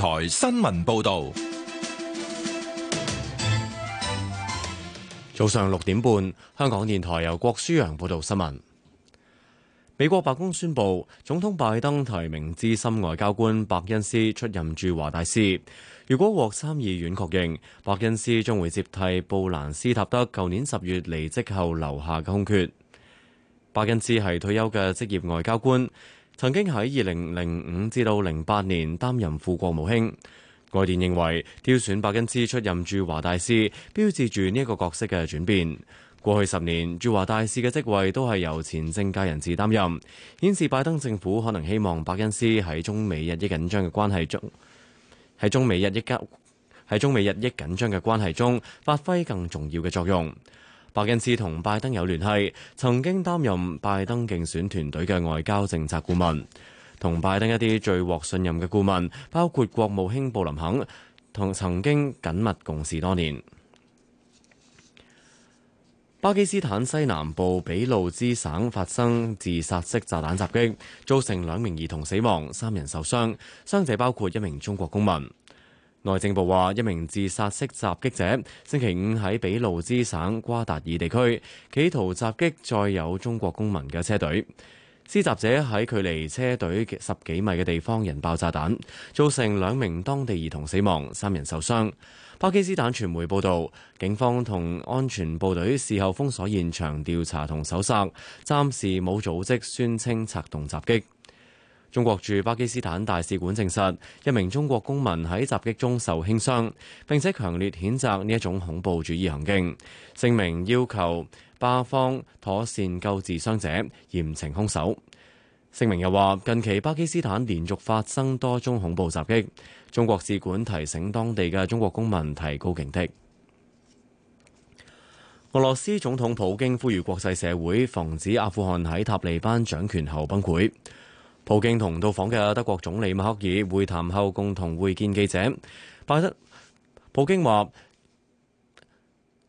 台新聞報道，早上六點半，香港電台由郭舒揚報道新聞。美國白宮宣布，總統拜登提名資深外交官白恩斯出任駐華大使。如果獲參議院確認，白恩斯將會接替布蘭斯塔德舊年十月離職後留下嘅空缺。白恩斯係退休嘅職業外交官。曾經喺二零零五至到零八年擔任副國務卿。外電認為挑選白恩斯出任駐華大使，標誌住呢一個角色嘅轉變。過去十年駐華大使嘅職位都係由前政界人士擔任，顯示拜登政府可能希望白恩斯喺中美日益緊張嘅關係中，喺中美日益急喺中美日益緊張嘅關係中發揮更重要嘅作用。白恩斯同拜登有聯繫，曾經擔任拜登競選團隊嘅外交政策顧問，同拜登一啲最獲信任嘅顧問，包括國務卿布林肯，同曾經緊密共事多年。巴基斯坦西南部俾路支省發生自殺式炸彈襲擊，造成兩名兒童死亡，三人受傷，傷者包括一名中國公民。內政部話，一名自殺式襲擊者星期五喺俾路支省瓜達爾地區企圖襲擊載有中國公民嘅車隊。施襲者喺距離車隊十幾米嘅地方引爆炸彈，造成兩名當地兒童死亡，三人受傷。巴基斯坦傳媒報道，警方同安全部隊事後封鎖現場調查同搜查，暫時冇組織宣稱策動襲擊。中國駐巴基斯坦大使館證實，一名中國公民喺襲擊中受輕傷，並且強烈譴責呢一種恐怖主義行徑。聲明要求巴方妥善救治傷者，嚴懲凶手。聲明又話，近期巴基斯坦連續發生多宗恐怖襲擊，中國使館提醒當地嘅中國公民提高警惕。俄羅斯總統普京呼籲國際社會防止阿富汗喺塔利班掌權後崩潰。普京同到訪嘅德國總理默克爾會談後，共同會見記者。拜登、普京話：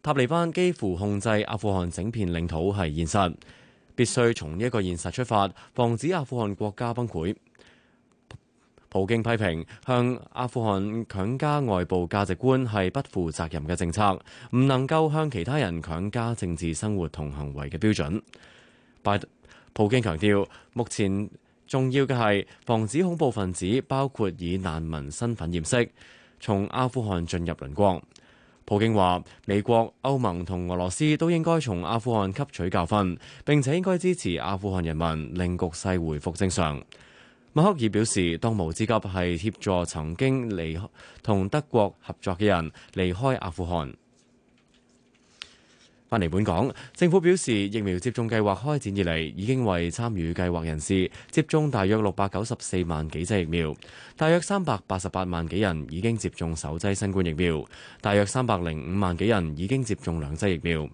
塔利班幾乎控制阿富汗整片領土係現實，必須從一個現實出發，防止阿富汗國家崩潰。普，普京批評向阿富汗強加外部價值觀係不負責任嘅政策，唔能夠向其他人強加政治生活同行為嘅標準。拜普京強調，目前。重要嘅係防止恐怖分子，包括以難民身份掩飾，從阿富汗進入鄰國。普京話美國歐盟同俄羅斯都應該從阿富汗吸取教訓，並且應該支持阿富汗人民，令局勢回復正常。默克爾表示，當務之急係協助曾經離同德國合作嘅人離開阿富汗。翻嚟本港，政府表示疫苗接種計劃開展以嚟，已經為參與計劃人士接種大約六百九十四萬幾劑疫苗，大約三百八十八萬幾人已經接種首劑新冠疫苗，大約三百零五萬幾人已經接種兩劑疫苗。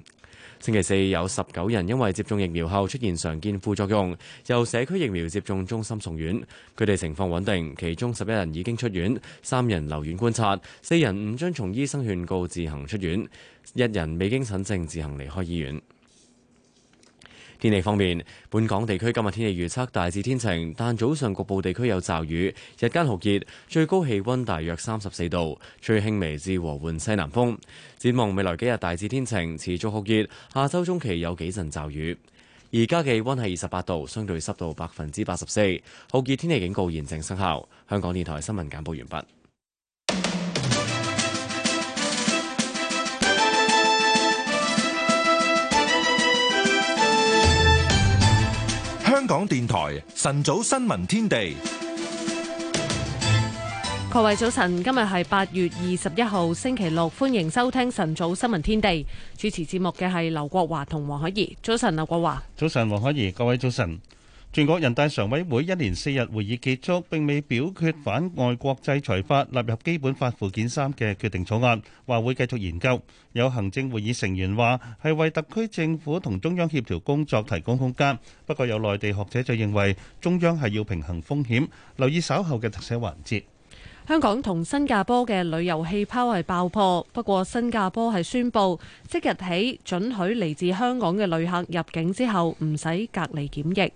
星期四有十九人因為接種疫苗後出現常見副作用，由社區疫苗接種中心送院，佢哋情況穩定，其中十一人已經出院，三人留院觀察，四人唔遵從醫生勸告自行出院，一人未經診證自行離開醫院。天氣方面，本港地區今日天氣預測大致天晴，但早上局部地區有驟雨，日間酷熱，最高氣溫大約三十四度，吹輕微至和緩西南風。展望未來幾日大致天晴，持續酷熱，下周中期有幾陣驟雨。而家氣溫係二十八度，相對濕度百分之八十四，酷熱天氣警告現正生效。香港電台新聞簡報完畢。香港電台晨早新聞天地，各位早晨，今日係八月二十一號星期六，歡迎收聽晨早新聞天地。主持節目嘅係劉國華同黃海怡。早晨，劉國華。早晨，黃海怡。各位早晨。全國人大常委會一連四日會議結束，並未表決反外國制裁法納入基本法附件三的決定草案，話會繼續研究。有行政會議成員話，是為特區政府和中央協調工作提供空間，不過有內地學者就認為中央是要平衡風險，留意稍後的特寫環節。香港同新加坡嘅旅遊氣泡係爆破，不過新加坡係宣布即日起准許嚟自香港嘅旅客入境之後唔使隔離檢疫。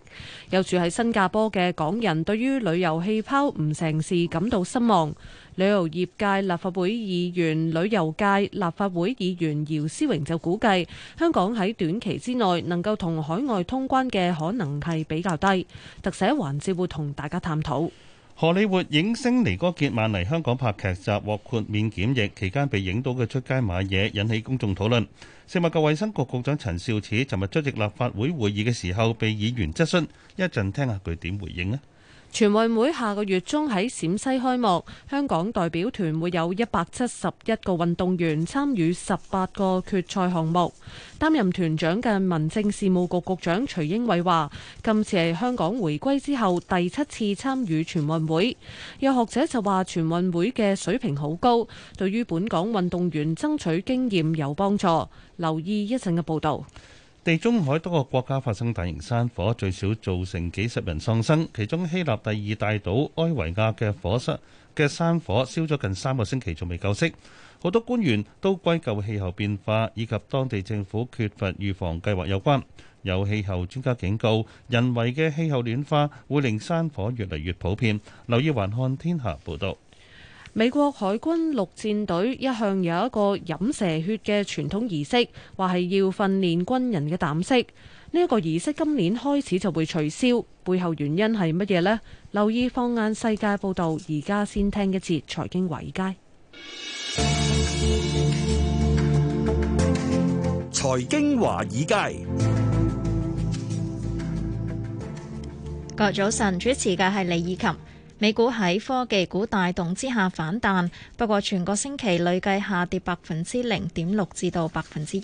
有住喺新加坡嘅港人對於旅遊氣泡唔成事感到失望。旅遊業界立法會議員、旅遊界立法會議員姚思榮就估計，香港喺短期之內能夠同海外通關嘅可能係比較低。特寫環節會同大家探討。荷里活影星尼哥杰曼嚟香港拍劇集，獲豁免檢疫期間被影到嘅出街買嘢，引起公眾討論，食物及衛生局局長陳肇始尋日出席立法會會議嘅時候，被議員質詢，一陣聽下佢點回應啊！全運會下個月中喺陝西開幕，香港代表團會有一百七十一個運動員參與十八個決賽項目。擔任團長嘅民政事務局局長徐英偉話，今次係香港回歸之後第七次參與全運會。有學者就話全運會嘅水平好高，對於本港運動員爭取經驗有幫助。留意一陣嘅報道。地中海多個國家發生大型山火，最少造成幾十人喪生。其中希臘第二大島埃維亞嘅火災嘅山火燒咗近三個星期，仲未救熄。好多官員都歸咎氣候變化以及當地政府缺乏預防計劃有關。有氣候專家警告，人為嘅氣候暖化會令山火越嚟越普遍。留意環看天下報道。美國海軍陸戰隊一向有一個飲蛇血嘅傳統儀式，話係要訓練軍人嘅膽識。呢、這、一個儀式今年開始就會取消，背後原因係乜嘢呢？留意放眼世界報道，而家先聽一節財經華爾街。財經華爾街，各早晨，主持嘅係李以琴。美股喺科技股帶動之下反彈，不過全個星期累計下跌百分之零點六至到百分之一。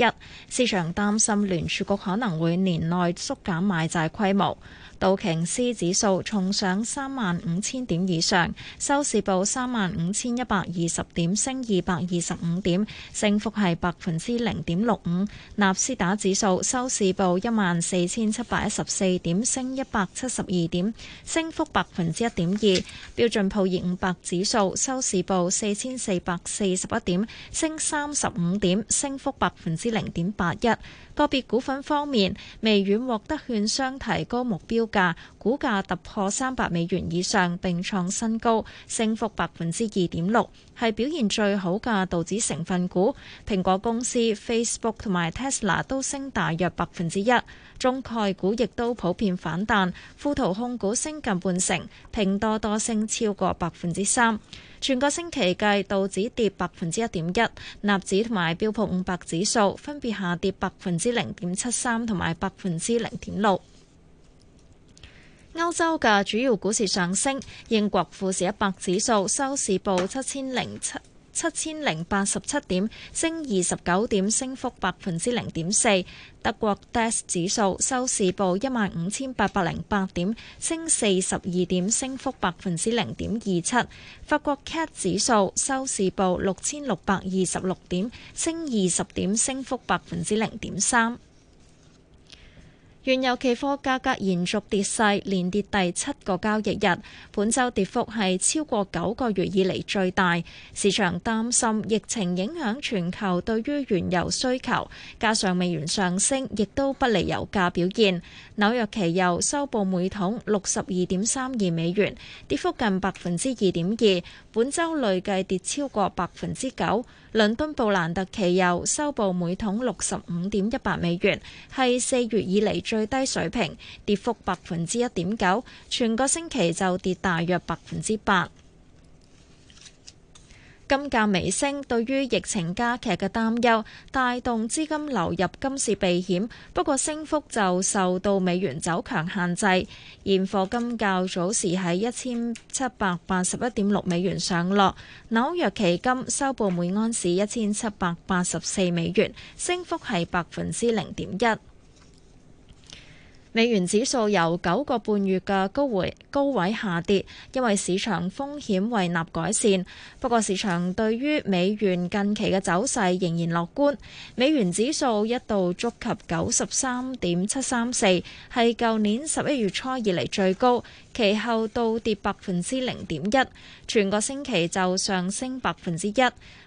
市場擔心聯儲局可能會年內縮減買債規模。道瓊斯指數重上三萬五千點以上，收市報三萬五千一百二十點，升二百二十五點，升幅係百分之零點六五。納斯達指數收市報一萬四千七百一十四點，升一百七十二點，升幅百分之一點二。標準普爾五百指數收市報四千四百四十一點，升三十五點，升幅百分之零點八一。個別股份方面，微軟獲得券商提高目標價，股價突破三百美元以上，並創新高，升幅百分之二點六，係表現最好嘅道指成分股。蘋果公司、Facebook 同埋 Tesla 都升大約百分之一。中概股亦都普遍反彈，富途控股升近半成，拼多多升超過百分之三。全個星期計，道指跌百分之一點一，納指同埋標普五百指數分別下跌百分之零點七三同埋百分之零點六。歐洲嘅主要股市上升，英國富時一百指數收市報七千零七。七千零八十七點，升二十九點，升幅百分之零點四。德國 DAX 指數收市報一萬五千八百零八點，升四十二點，升幅百分之零點二七。法國 CAC 指數收市報六千六百二十六點，升二十點，升幅百分之零點三。原油期貨價格延續跌勢，連跌第七個交易日，本周跌幅係超過九個月以嚟最大。市場擔心疫情影響全球對於原油需求，加上美元上升，亦都不利油價表現。紐約期油收報每桶六十二點三二美元，跌幅近百分之二點二，本周累計跌超過百分之九。倫敦布蘭特期油收報每桶六十五點一八美元，係四月以嚟最最低水平，跌幅百分之一點九，全個星期就跌大約百分之八。金價微升，對於疫情加劇嘅擔憂帶動資金流入金市避險，不過升幅就受到美元走強限制。現貨金較早時喺一千七百八十一點六美元上落，紐約期金收報每安士一千七百八十四美元，升幅係百分之零點一。美元指數由九個半月嘅高回高位下跌，因為市場風險胃納改善。不過市場對於美元近期嘅走勢仍然樂觀。美元指數一度觸及九十三點七三四，係舊年十一月初以嚟最高。其後倒跌百分之零點一，全個星期就上升百分之一，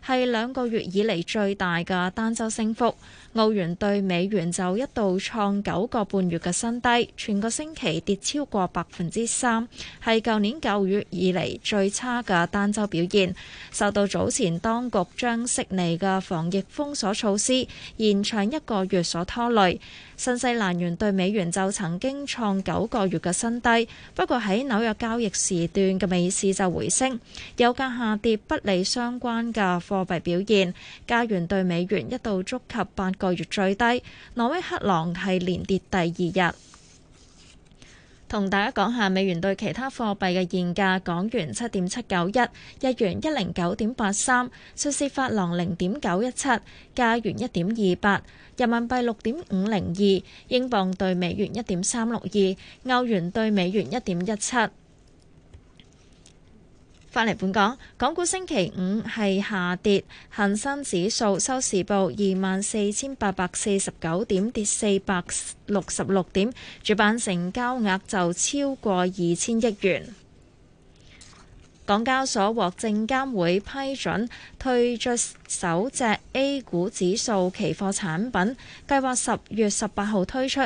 係兩個月以嚟最大嘅單周升幅。澳元對美元就一度創九個半月嘅新低，全個星期跌超過百分之三，係舊年九月以嚟最差嘅單周表現，受到早前當局將悉尼嘅防疫封鎖措施延長一個月所拖累。新西蘭元對美元就曾經創九個月嘅新低，不過喺紐約交易時段嘅美市就回升，油價下跌不利相關嘅貨幣表現。加元對美元一度觸及八個月最低，挪威克朗係連跌第二日。同大家講下美元對其他貨幣嘅現價：港元七點七九一，日元一零九點八三，瑞士法郎零點九一七，加元一點二八，人民幣六點五零二，英鎊對美元一點三六二，歐元對美元一點一七。返嚟本港，港股星期五係下跌，恒生指數收市報二萬四千八百四十九點，跌四百六十六點，主板成交額就超過二千億元。港交所獲證監會批准推出首隻 A 股指數期貨產品，計劃十月十八號推出。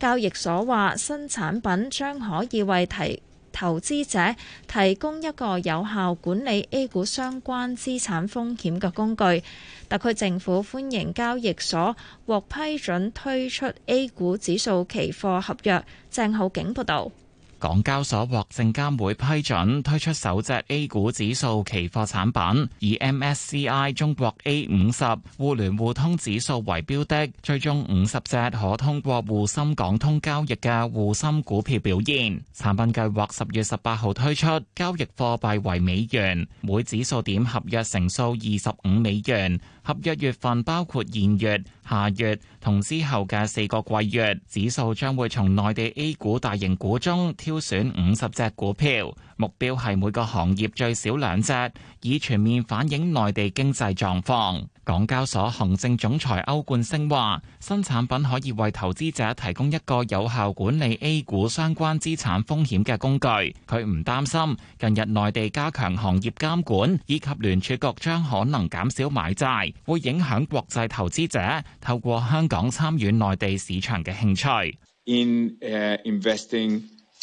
交易所話新產品將可以為提投資者提供一個有效管理 A 股相關資產風險嘅工具。特區政府歡迎交易所獲批准推出 A 股指數期貨合約。鄭浩景報道。港交所獲證監會批准推出首隻 A 股指數期貨產品，以 MSCI 中國 A 五十互聯互通指數為標的，最終五十隻可通過滬深港通交易嘅滬深股票表現。產品計劃十月十八號推出，交易貨幣為美元，每指數點合約乘數二十五美元。合約月份包括現月、下月同之後嘅四個季月，指數將會從內地 A 股大型股中挑選五十隻股票，目標係每個行業最少兩隻，以全面反映內地經濟狀況。港交所行政總裁歐冠昇話：新產品可以為投資者提供一個有效管理 A 股相關資產風險嘅工具。佢唔擔心近日內地加強行業監管，以及聯儲局將可能減少買債，會影響國際投資者透過香港參與內地市場嘅興趣。In, uh,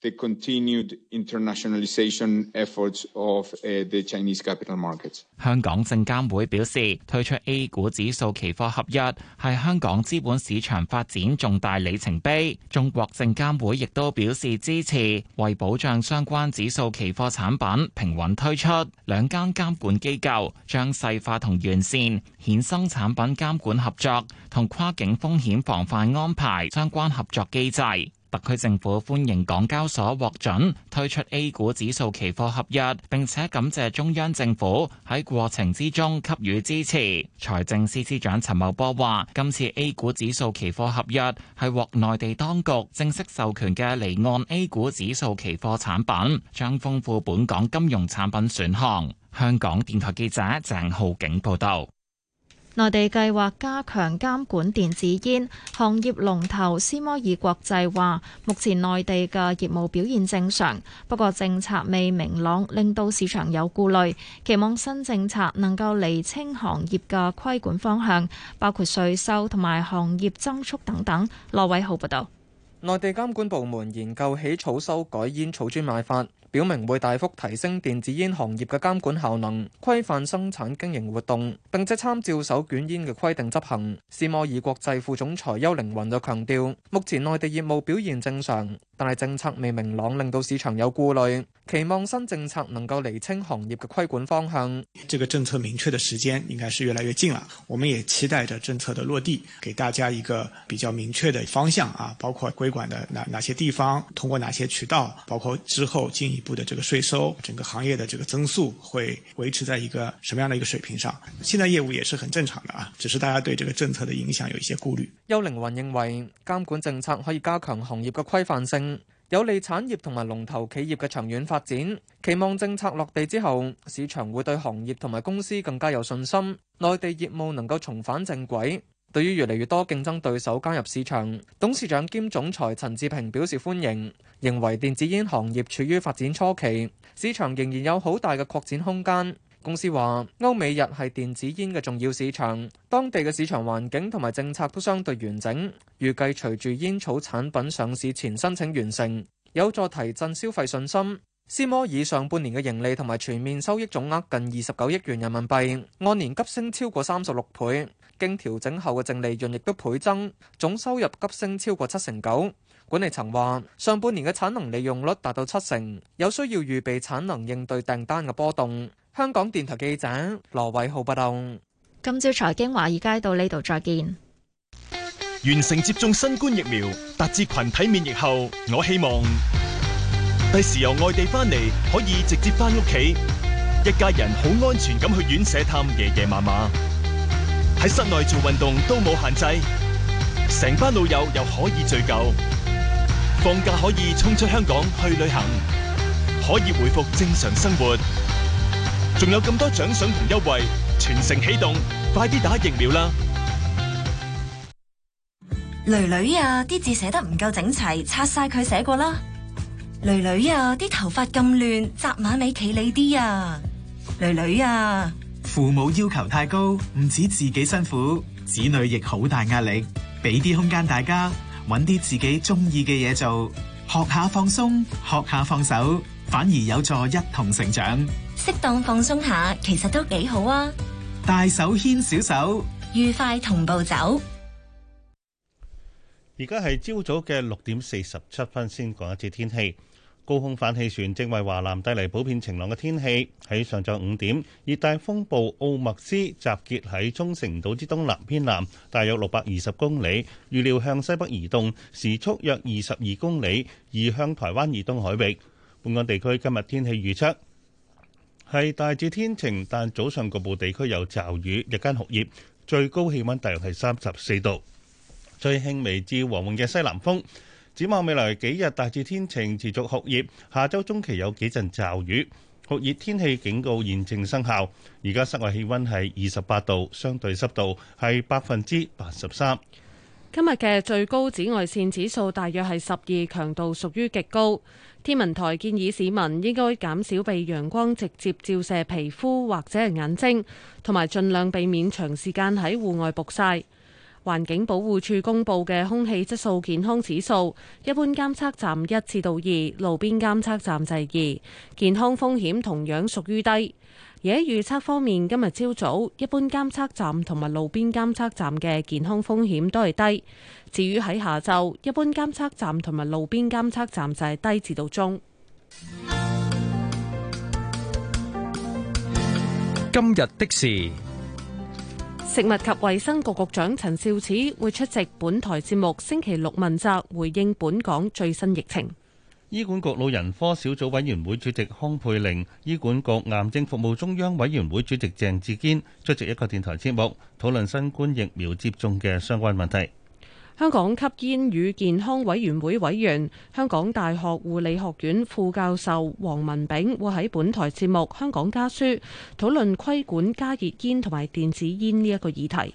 The continued internationalization efforts of the Chinese capital market. 香港證監會表示，推出 A 股指數期貨合約係香港資本市場發展重大里程碑。中國證監會亦都表示支持，為保障相關指數期貨產品平穩推出，兩間監管機構將細化同完善衍生產品監管合作同跨境風險防範安排相關合作機制。特區政府歡迎港交所獲准推出 A 股指數期貨合約，並且感謝中央政府喺過程之中給予支持。財政司司長陳茂波話，今次 A 股指數期貨合約係獲內地當局正式授權嘅離岸 A 股指數期貨產品，將豐富本港金融產品選項。香港電台記者鄭浩景報道。內地計劃加強監管電子煙，行業龍頭思摩爾國際話，目前內地嘅業務表現正常，不過政策未明朗，令到市場有顧慮。期望新政策能夠釐清行業嘅規管方向，包括稅收同埋行業增速等等。羅偉浩報道，內地監管部門研究起草修改煙草專賣法。表明會大幅提升電子煙行業嘅監管效能，規範生產經營活動，並且參照手捲煙嘅規定執行。斯摩爾國際副總裁邱靈雲就強調，目前內地業務表現正常。但係政策未明朗，令到市場有顧慮，期望新政策能夠釐清行業嘅規管方向。這個政策明確的時間應該是越來越近啦。我們也期待着政策的落地，給大家一個比較明確的方向啊，包括規管的哪哪些地方，通過哪些渠道，包括之後進一步的這個稅收，整個行業的這個增速會維持在一個什麼樣的一個水平上。現在業務也是很正常的啊，只是大家對這個政策的影響有一些顧慮。邱凌雲認為監管政策可以加強行業嘅規範性。有利產業同埋龍頭企業嘅長遠發展，期望政策落地之後，市場會對行業同埋公司更加有信心，內地業務能夠重返正軌。對於越嚟越多競爭對手加入市場，董事長兼總裁陳志平表示歡迎，認為電子煙行業處於發展初期，市場仍然有好大嘅擴展空間。公司話，歐美日係電子煙嘅重要市場，當地嘅市場環境同埋政策都相對完整。預計隨住煙草產品上市前申請完成，有助提振消費信心。斯摩爾上半年嘅盈利同埋全面收益總額近二十九億元人民幣，按年急升超過三十六倍，經調整後嘅淨利潤亦都倍增，總收入急升超過七成九。管理層話，上半年嘅產能利用率達到七成，有需要預備產能應對訂單嘅波動。香港電台記者羅偉浩報道。今朝財經華爾街到呢度再見。完成接種新冠疫苗，達至群體免疫後，我希望第時由外地翻嚟可以直接翻屋企，一家人好安全咁去院舍探爺爺嫲嫲，喺室內做運動都冇限制，成班老友又可以聚舊。放假可以衝出香港去旅行，可以回復正常生活。仲有咁多獎賞同優惠，全城啟動，快啲打疫苗啦！囡囡啊，啲字寫得唔夠整齊，擦晒佢寫過啦。囡囡啊，啲頭髮咁亂，紮馬尾企理啲啊！囡囡啊，父母要求太高，唔止自己辛苦，子女亦好大壓力。俾啲空間大家，揾啲自己中意嘅嘢做，學下放鬆，學下放手，反而有助一同成長。適當放鬆下，其實都幾好啊！大手牽小手，愉快同步走。而家係朝早嘅六點四十七分，先講一次天氣。高空反氣旋正為華南帶來普遍晴朗嘅天氣。喺上晝五點，熱帶風暴奧麥斯集結喺沖繩島之東南偏南，大約六百二十公里，預料向西北移動，時速約二十二公里，移向台灣以東海域。本港地區今日天氣預測。係大致天晴，但早上局部地區有驟雨，日間酷熱，最高氣溫大約係三十四度。最輕微至和緩嘅西南風。展望未來幾日大致天晴，持續酷熱。下周中期有幾陣驟雨，酷熱天氣警告現正生效。而家室外氣溫係二十八度，相對濕度係百分之八十三。今日嘅最高紫外線指數大約係十二，強度屬於極高。天文台建議市民應該減少被陽光直接照射皮膚或者係眼睛，同埋盡量避免長時間喺戶外曝曬。環境保護署公布嘅空氣質素健康指數，一般監測站一至到二，路邊監測站就二，健康風險同樣屬於低。而喺預測方面，今日朝早一般監測站同埋路邊監測站嘅健康風險都係低。至於喺下晝，一般監測站同埋路邊監測站就係低至到中。今日的事，食物及衛生局局長陳肇始，始會出席本台節目《星期六問責》，回應本港最新疫情。醫管局老人科小組委員會主席康佩玲，醫管局癌症服務中央委員會主席鄭志堅出席一個電台節目，討論新冠疫苗接種嘅相關問題。香港吸煙與健康委員會委員、香港大學護理學院副教授黃文炳會喺本台節目《香港家書》討論規管加熱煙同埋電子煙呢一個議題。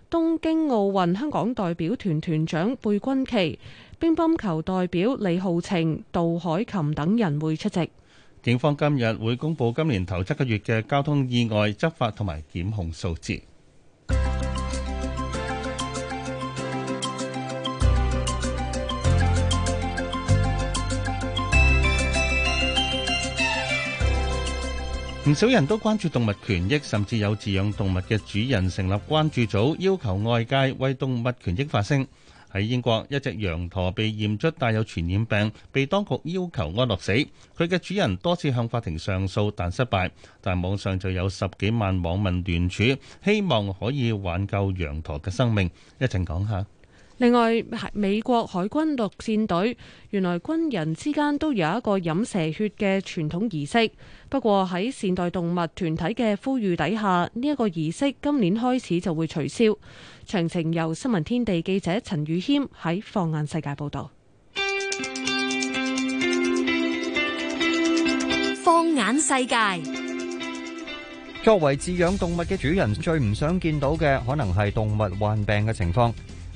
東京奧運香港代表團團長貝鈞奇、乒乓球代表李皓晴、杜凱琹等人會出席。警方今日會公布今年頭七個月嘅交通意外執法同埋檢控數字。唔少人都關注動物權益，甚至有飼養動物嘅主人成立關注組，要求外界為動物權益發聲。喺英國，一隻羊駝被驗出帶有傳染病，被當局要求安樂死。佢嘅主人多次向法庭上訴，但失敗。但網上就有十幾萬網民聯署，希望可以挽救羊駝嘅生命。一陣講下。另外，美國海軍陸戰隊原來軍人之間都有一個飲蛇血嘅傳統儀式。不過喺善待動物團體嘅呼籲底下，呢、這、一個儀式今年開始就會取消。詳情由新聞天地記者陳宇謙喺放眼世界報道。放眼世界，世界作為飼養動物嘅主人，最唔想見到嘅可能係動物患病嘅情況。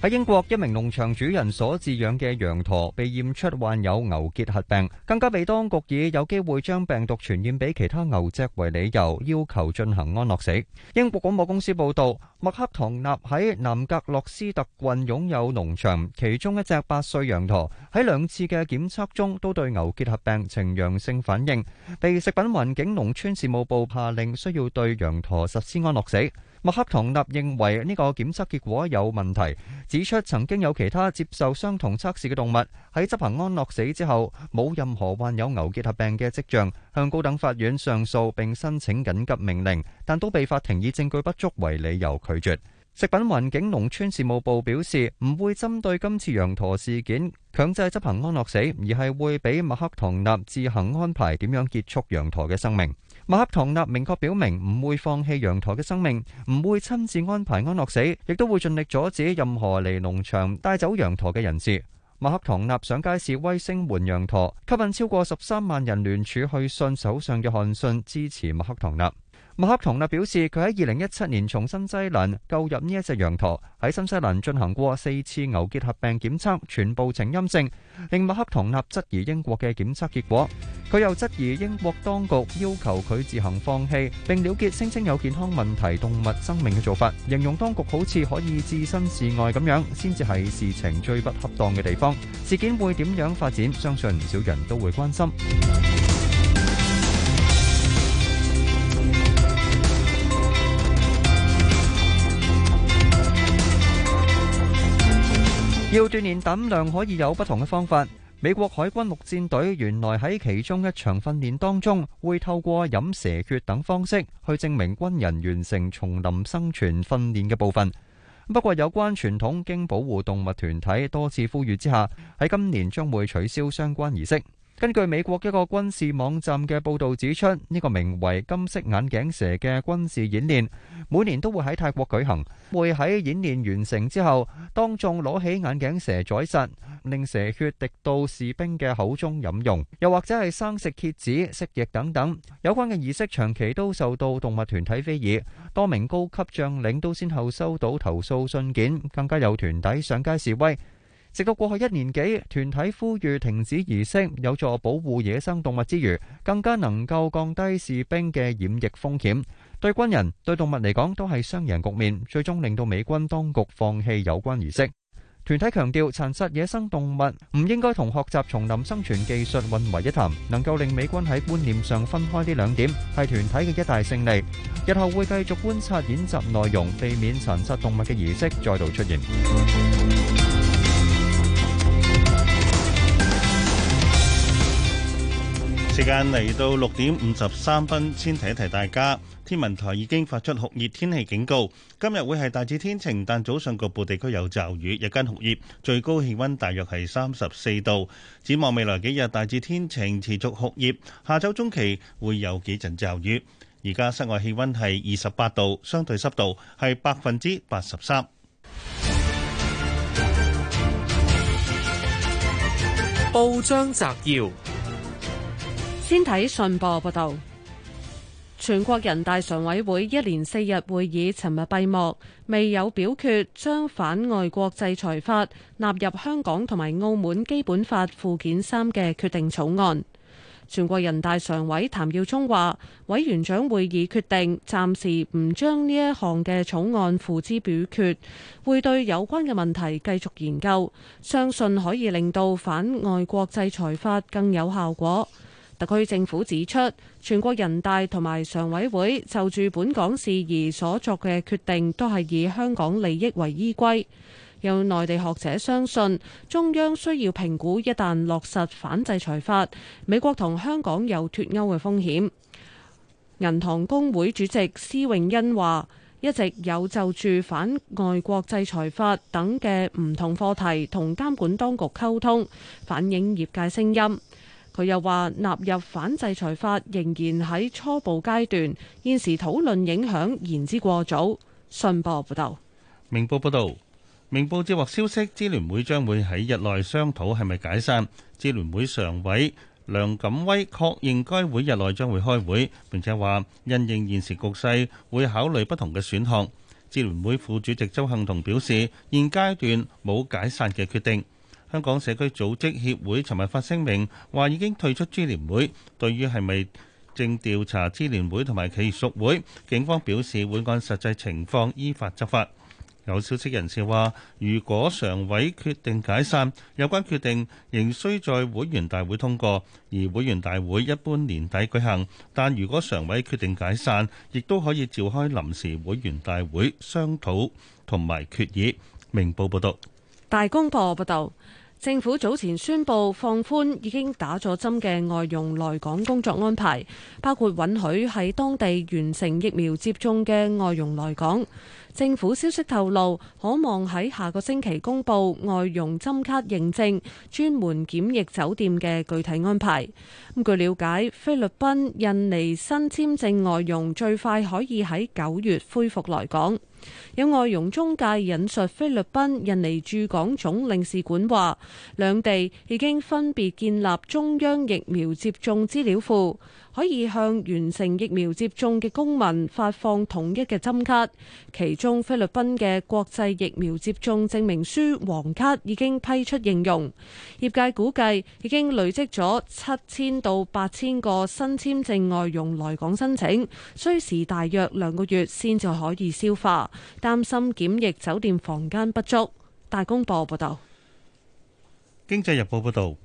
喺英國，一名農場主人所飼養嘅羊駝被驗出患有牛結核病，更加被當局以有機會將病毒傳染俾其他牛隻為理由，要求進行安樂死。英國廣播公司報導，麥克唐納喺南格洛斯特郡擁有農場，其中一隻八歲羊駝喺兩次嘅檢測中都對牛結核病呈陽性反應，被食品環境農村事務部下令需要對羊駝實施安樂死。麥克唐納認為呢個檢測結果有問題，指出曾經有其他接受相同測試嘅動物喺執行安樂死之後冇任何患有牛結核病嘅跡象，向高等法院上訴並申請緊急命令，但都被法庭以證據不足為理由拒絕。食品環境農村事務部表示，唔會針對今次羊駝事件強制執行安樂死，而係會俾麥克唐納自行安排點樣結束羊駝嘅生命。馬克唐納明確表明，唔會放棄羊駝嘅生命，唔會親自安排安樂死，亦都會盡力阻止任何嚟農場帶走羊駝嘅人士。馬克唐納上街示威聲援羊駝，吸引超過十三萬人聯署去信首相約翰遜支持馬克唐納。麥克唐納表示，佢喺二零一七年從新西蘭購入呢一隻羊駝，喺新西蘭進行過四次牛結核病檢測，全部呈陰性，令麥克唐納質疑英國嘅檢測結果。佢又質疑英國當局要求佢自行放棄，並了結聲稱有健康問題動物生命嘅做法，形容當局好似可以置身事外咁樣，先至係事情最不恰當嘅地方。事件會點樣發展？相信唔少人都會關心。要鍛煉膽量可以有不同嘅方法。美國海軍陸戰隊原來喺其中一場訓練當中，會透過飲蛇血等方式去證明軍人完成叢林生存訓練嘅部分。不過有關傳統經保護動物團體多次呼籲之下，喺今年將會取消相關儀式。根據美國一個軍事網站嘅報導指出，呢個名為金色眼鏡蛇嘅軍事演練，每年都會喺泰國舉行。會喺演練完成之後，當眾攞起眼鏡蛇宰殺，令蛇血滴到士兵嘅口中飲用，又或者係生食蠍子、蜥蜴等等。有關嘅儀式長期都受到動物團體非議，多名高級將領都先後收到投訴信件，更加有團體上街示威。直到過去一年幾，團體呼籲停止儀式，有助保護野生動物之餘，更加能夠降低士兵嘅染疫風險。對軍人、對動物嚟講都係雙贏局面，最終令到美軍當局放棄有關儀式。團體強調，殘殺野生動物唔應該同學習叢林生存技術混為一談，能夠令美軍喺觀念上分開呢兩點，係團體嘅一大勝利。日後會繼續觀察演習內容，避免殘殺動物嘅儀式再度出現。時間嚟到六點五十三分，先提一提大家。天文台已經發出酷熱天氣警告。今日會係大致天晴，但早上局部地區有驟雨，日間酷熱，最高氣溫大約係三十四度。展望未來幾日，大致天晴持續酷熱，下週中期會有幾陣驟雨。而家室外氣溫係二十八度，相對濕度係百分之八十三。報章摘要。先睇信報報道，全國人大常委會一連四日會議尋日閉幕，未有表決將反外國制裁法納入香港同埋澳門基本法附件三嘅決定草案。全國人大常委譚耀宗話，委員長會議決定暫時唔將呢一項嘅草案付之表決，會對有關嘅問題繼續研究，相信可以令到反外國制裁法更有效果。特區政府指出，全國人大同埋常委會就住本港事宜所作嘅決定，都係以香港利益為依歸。有內地學者相信，中央需要評估一旦落實反制裁法，美國同香港有脱歐嘅風險。銀行公會主席施穎茵話：一直有就住反外國制裁法等嘅唔同課題，同監管當局溝通，反映業界聲音。佢又話納入反制裁法仍然喺初步階段，現時討論影響言之過早。信報報道：「明報報道，明報接獲消息，支聯會將會喺日內商討係咪解散。支聯會常委梁錦威確認該會日內將會開會，並且話因應現時局勢，會考慮不同嘅選項。支聯會副主席周幸彤表示，現階段冇解散嘅決定。香港社區組織協會尋日發聲明，話已經退出支聯會。對於係咪正調查支聯會同埋其屬會，警方表示會按實際情況依法執法。有消息人士話，如果常委決定解散，有關決定仍需在會員大會通過，而會員大會一般年底舉行。但如果常委決定解散，亦都可以召開臨時會員大會商討同埋決議。明報報導，大公報報導。政府早前宣布放寬已經打咗針嘅外傭來港工作安排，包括允許喺當地完成疫苗接種嘅外傭來港。政府消息透露，可望喺下個星期公布外傭針卡認證、專門檢疫酒店嘅具體安排。咁據了解，菲律賓、印尼新簽證外傭最快可以喺九月恢復來港。有外傭中介引述菲律賓印尼駐港總領事館話，兩地已經分別建立中央疫苗接種資料庫。可以向完成疫苗接種嘅公民發放統一嘅針卡，其中菲律賓嘅國際疫苗接種證明書黃卡已經批出應用。業界估計已經累積咗七千到八千個新簽證外佣來港申請，需時大約兩個月先至可以消化，擔心檢疫酒店房間不足。大公報報道。經濟日報報道。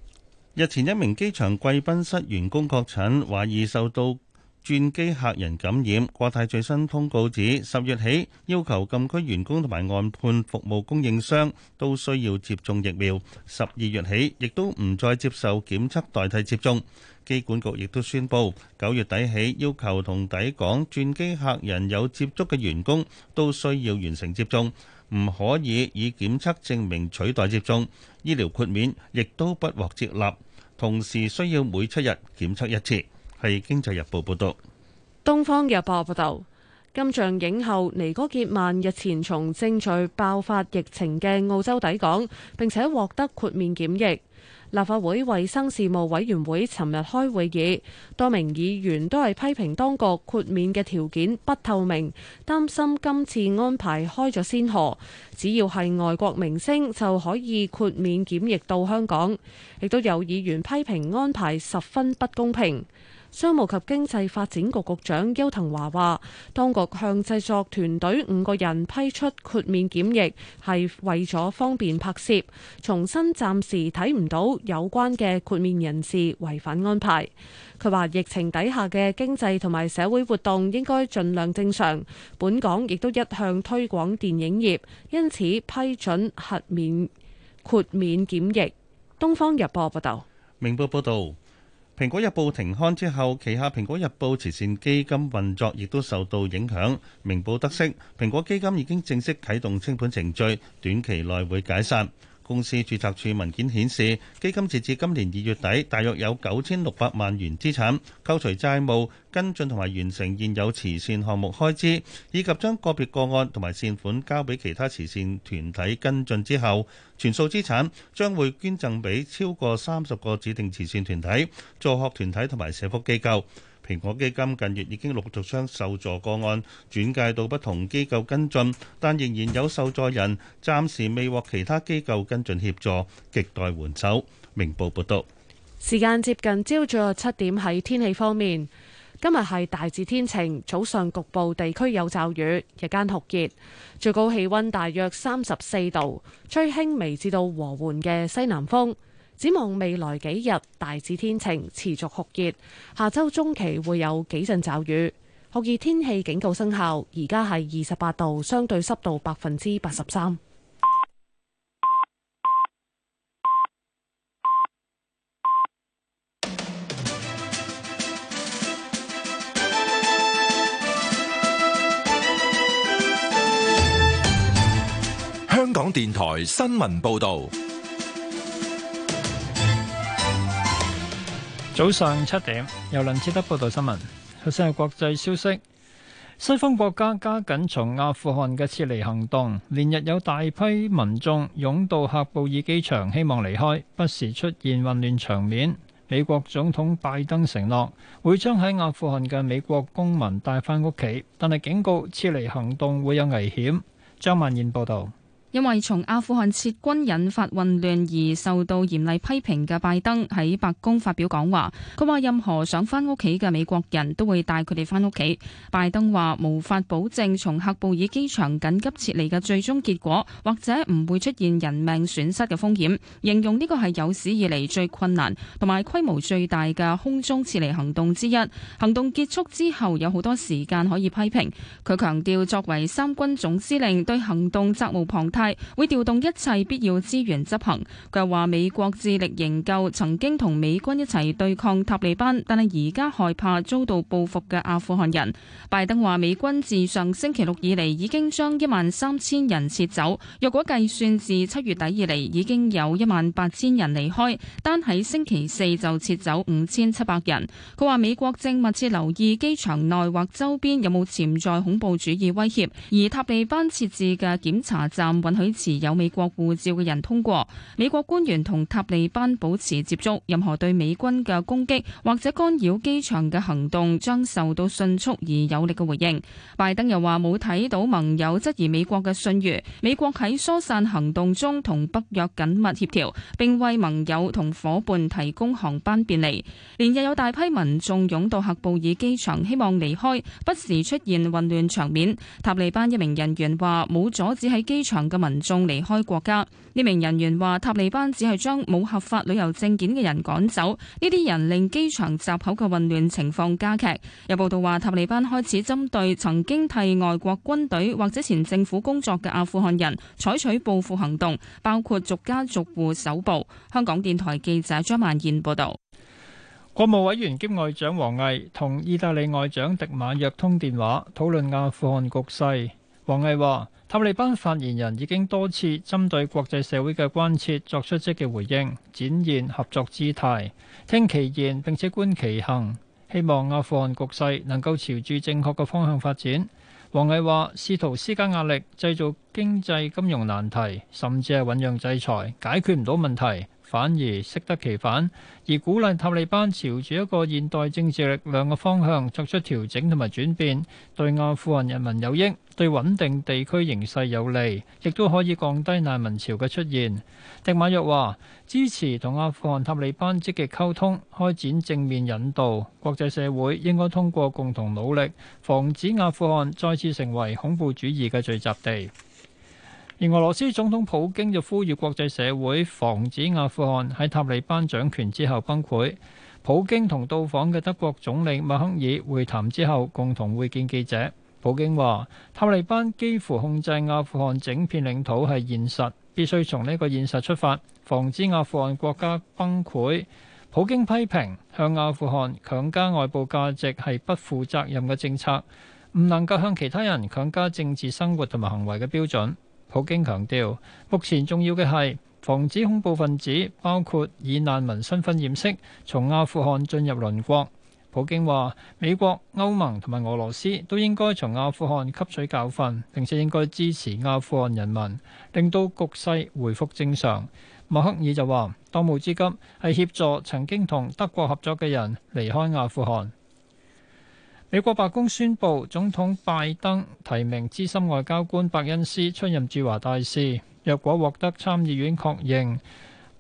日前一名機場貴賓室員工確診，懷疑受到轉機客人感染。國泰最新通告指，十月起要求禁區員工同埋按判服務供應商都需要接種疫苗。十二月起，亦都唔再接受檢測代替接種。機管局亦都宣布，九月底起要求同抵港轉機客人有接觸嘅員工都需要完成接種。唔可以以檢測證明取代接種，醫療豁免亦都不獲接納，同時需要每七日檢測一次。係《經濟日報》報道。《東方日報》報道，金像影后尼哥傑曼日前從正在爆發疫情嘅澳洲抵港，並且獲得豁免檢疫。立法會衞生事務委員會尋日開會議，多名議員都係批評當局豁免嘅條件不透明，擔心今次安排開咗先河，只要係外國明星就可以豁免檢疫到香港，亦都有議員批評安排十分不公平。商務及經濟發展局局長邱騰華話，當局向製作團隊五個人批出豁免檢疫係為咗方便拍攝，重新暫時睇唔到有關嘅豁免人士違反安排。佢話疫情底下嘅經濟同埋社會活動應該盡量正常，本港亦都一向推廣電影業，因此批准核免豁免檢疫。東方日報報道，明報報道。《蘋果日報》停刊之後，旗下《蘋果日報》慈善基金運作亦都受到影響。明報得悉，《蘋果基金》已經正式啟動清盤程序，短期內會解散。公司註冊處文件顯示，基金截至今年二月底，大約有九千六百萬元資產。扣除債務跟進同埋完成現有慈善項目開支，以及將個別個案同埋善款交俾其他慈善團體跟進之後，全數資產將會捐贈俾超過三十個指定慈善團體、助學團體同埋社福機構。蘋果基金近月已經陸續將受助個案轉介到不同機構跟進，但仍然有受助人暫時未獲其他機構跟進協助，亟待援手。明報報道。時間接近朝早七點，喺天氣方面，今日係大致天晴，早上局部地區有驟雨，日間酷熱，最高氣溫大約三十四度，吹輕微至到和緩嘅西南風。展望未來幾日，大致天晴，持續酷熱。下周中期會有幾陣驟雨。酷熱天氣警告生效，而家係二十八度，相對濕度百分之八十三。香港電台新聞報導。早上七點,由林志德報道新聞。首先係國際消息:西方國家加緊從阿富汗的撤離行動,連日有大批民眾湧到喀布爾機場希望離開,不時出現混亂場面,美國總統拜登承諾,會將在阿富汗的美國公民帶返屋企,但係警告撤離行動會有危險,張曼燕報道。因為從阿富汗撤軍引發混亂而受到嚴厲批評嘅拜登喺白宮發表講話，佢話任何想翻屋企嘅美國人都會帶佢哋翻屋企。拜登話無法保證從喀布爾機場緊急撤離嘅最終結果，或者唔會出現人命損失嘅風險，形容呢個係有史以嚟最困難同埋規模最大嘅空中撤離行動之一。行動結束之後有好多時間可以批評。佢強調作為三軍總司令對行動責無旁貸。會調動一切必要資源執行。佢又話美國致力營救曾經同美軍一齊對抗塔利班，但係而家害怕遭到報復嘅阿富汗人。拜登話美軍自上星期六以嚟已經將一萬三千人撤走，若果計算自七月底以嚟已經有一萬八千人離開，單喺星期四就撤走五千七百人。佢話美國正密切留意機場內或周邊有冇潛在恐怖主義威脅，而塔利班設置嘅檢查站允許持有美國護照嘅人通過。美國官員同塔利班保持接觸。任何對美軍嘅攻擊或者干擾機場嘅行動，將受到迅速而有力嘅回應。拜登又話冇睇到盟友質疑美國嘅信譽。美國喺疏散行動中同北約緊密協調，並為盟友同夥伴提供航班便利。連日有大批民眾湧到喀布爾機場，希望離開，不時出現混亂場面。塔利班一名人員話冇阻止喺機場嘅民眾離開國家。呢名人員話：塔利班只係將冇合法旅遊證件嘅人趕走，呢啲人令機場閘口嘅混亂情況加劇。有報道話，塔利班開始針對曾經替外國軍隊或者前政府工作嘅阿富汗人採取報復行動，包括逐家逐戶搜捕。香港電台記者張萬燕報導。國務委員兼外長王毅同意大利外長迪馬約通電話，討論阿富汗局勢。王毅話。塔利班發言人已經多次針對國際社會嘅關切作出積極回應，展現合作姿態，聽其言並且觀其行，希望阿富汗局勢能夠朝住正確嘅方向發展。王毅話：試圖施加壓力，製造經濟金融難題，甚至係醖釀制裁，解決唔到問題。反而適得其反，而鼓勵塔利班朝住一個現代政治力量嘅方向作出調整同埋轉變，對阿富汗人民有益，對穩定地區形勢有利，亦都可以降低難民潮嘅出現。迪馬約話：支持同阿富汗塔利班積極溝通，開展正面引導，國際社會應該通過共同努力，防止阿富汗再次成為恐怖主義嘅聚集地。而俄羅斯總統普京就呼籲國際社會防止阿富汗喺塔利班掌權之後崩潰。普京同到訪嘅德國總理默克爾會談之後，共同會見記者。普京話：塔利班幾乎控制阿富汗整片領土係現實，必須從呢個現實出發，防止阿富汗國家崩潰。普京批評向阿富汗強加外部價值係不負責任嘅政策，唔能夠向其他人強加政治生活同埋行為嘅標準。普京強調，目前重要嘅係防止恐怖分子，包括以難民身份掩飾，從阿富汗進入鄰國。普京話：美國、歐盟同埋俄羅斯都應該從阿富汗吸取教訓，並且應該支持阿富汗人民，令到局勢回復正常。默克爾就話：當務之急係協助曾經同德國合作嘅人離開阿富汗。美國白宮宣布，總統拜登提名資深外交官伯恩斯出任駐華大使。若果獲得參議院確認，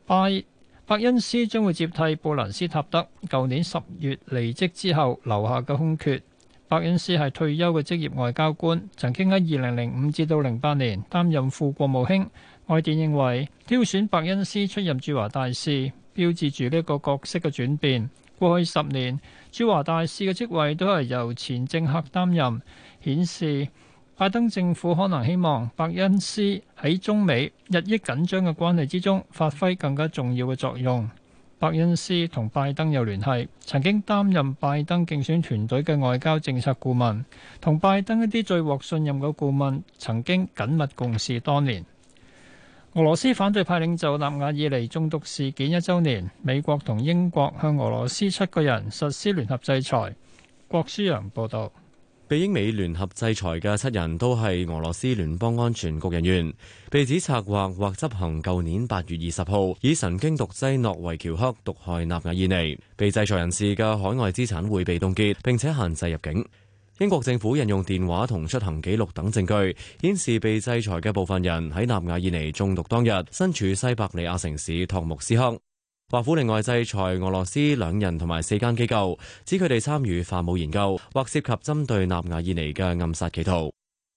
拜伯恩斯將會接替布蘭斯塔德，舊年十月離職之後留下嘅空缺。伯恩斯係退休嘅職業外交官，曾經喺二零零五至到零八年擔任副國務卿。外電認為，挑選伯恩斯出任駐華大使，標誌住呢個角色嘅轉變。過去十年，駐華大使嘅職位都係由前政客擔任，顯示拜登政府可能希望伯恩斯喺中美日益緊張嘅關係之中發揮更加重要嘅作用。伯恩斯同拜登有聯繫，曾經擔任拜登競選團隊嘅外交政策顧問，同拜登一啲最獲信任嘅顧問曾經緊密共事多年。俄羅斯反對派領袖納瓦爾尼中毒事件一周年，美國同英國向俄羅斯七個人實施聯合制裁。郭書陽報道，被英美聯合制裁嘅七人都係俄羅斯聯邦安全局人員，被指策劃或執行舊年八月二十號以神經毒劑諾維喬克毒害納瓦爾尼。被制裁人士嘅海外資產會被凍結，並且限制入境。英國政府引用電話同出行記錄等證據，顯示被制裁嘅部分人喺納瓦爾尼中毒當日身處西伯利亞城市托木斯克。華府另外制裁俄羅斯兩人同埋四間機構，指佢哋參與化武研究或涉及針對納瓦爾尼嘅暗殺企圖。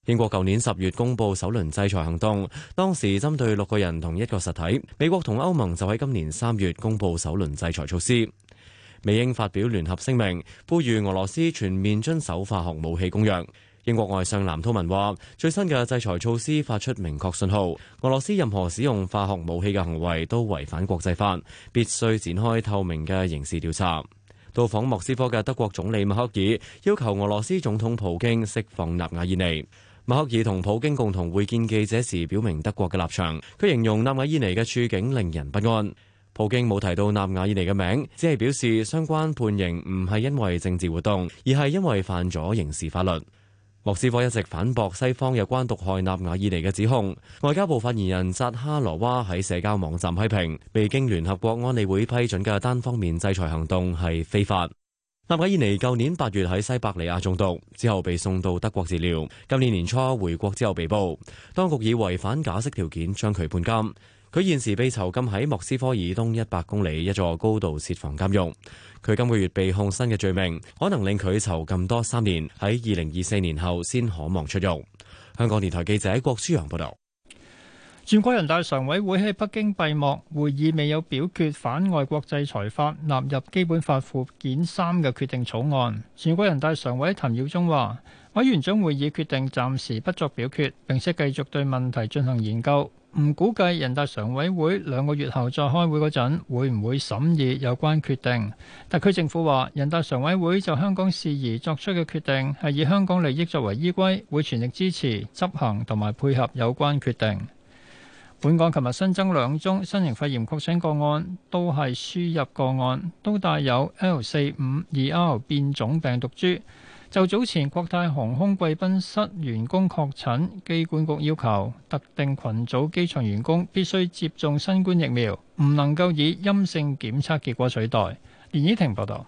英國舊年十月公布首輪制裁行動，當時針對六個人同一個實體。美國同歐盟就喺今年三月公布首輪制裁措施。美英發表聯合聲明，呼籲俄羅斯全面遵守化學武器公約。英國外相藍韜文話：最新嘅制裁措施發出明確信號，俄羅斯任何使用化學武器嘅行為都違反國際法，必須展開透明嘅刑事調查。到訪莫斯科嘅德國總理默克爾要求俄羅斯總統普京釋放納瓦爾尼。默克爾同普京共同會見記者時，表明德國嘅立場。佢形容納瓦爾尼嘅處境令人不安。普京冇提到納瓦爾尼嘅名，只係表示相關判刑唔係因為政治活動，而係因為犯咗刑事法律。莫斯科一直反駁西方有關毒害納瓦爾尼嘅指控。外交部發言人扎哈羅娃喺社交網站批評，未經聯合國安理會批准嘅單方面制裁行動係非法。納瓦爾尼舊年八月喺西伯利亞中毒，之後被送到德國治療，今年年初回國之後被捕，當局以違反假釋條件將佢判監。佢現時被囚禁喺莫斯科以東一百公里一座高度設防監獄。佢今個月被控新嘅罪名，可能令佢囚禁多三年，喺二零二四年後先可望出獄。香港電台記者郭舒揚報導。全國人大常委會喺北京閉幕會議未有表決反外國制裁法納入基本法附件三嘅決定草案。全國人大常委譚耀宗話：委員長會議決定暫時不作表決，並且繼續對問題進行研究。唔估計人大常委會兩個月後再開會嗰陣，會唔會審議有關決定？特區政府話，人大常委會就香港事宜作出嘅決定係以香港利益作為依歸，會全力支持執行同埋配合有關決定。本港琴日新增兩宗新型肺炎確診個案，都係輸入個案，都帶有 L 四五二 R 變種病毒株。就早前國泰航空貴賓室員工確診，機管局要求特定群組機場員工必須接種新冠疫苗，唔能夠以陰性檢測結果取代。連依婷報導。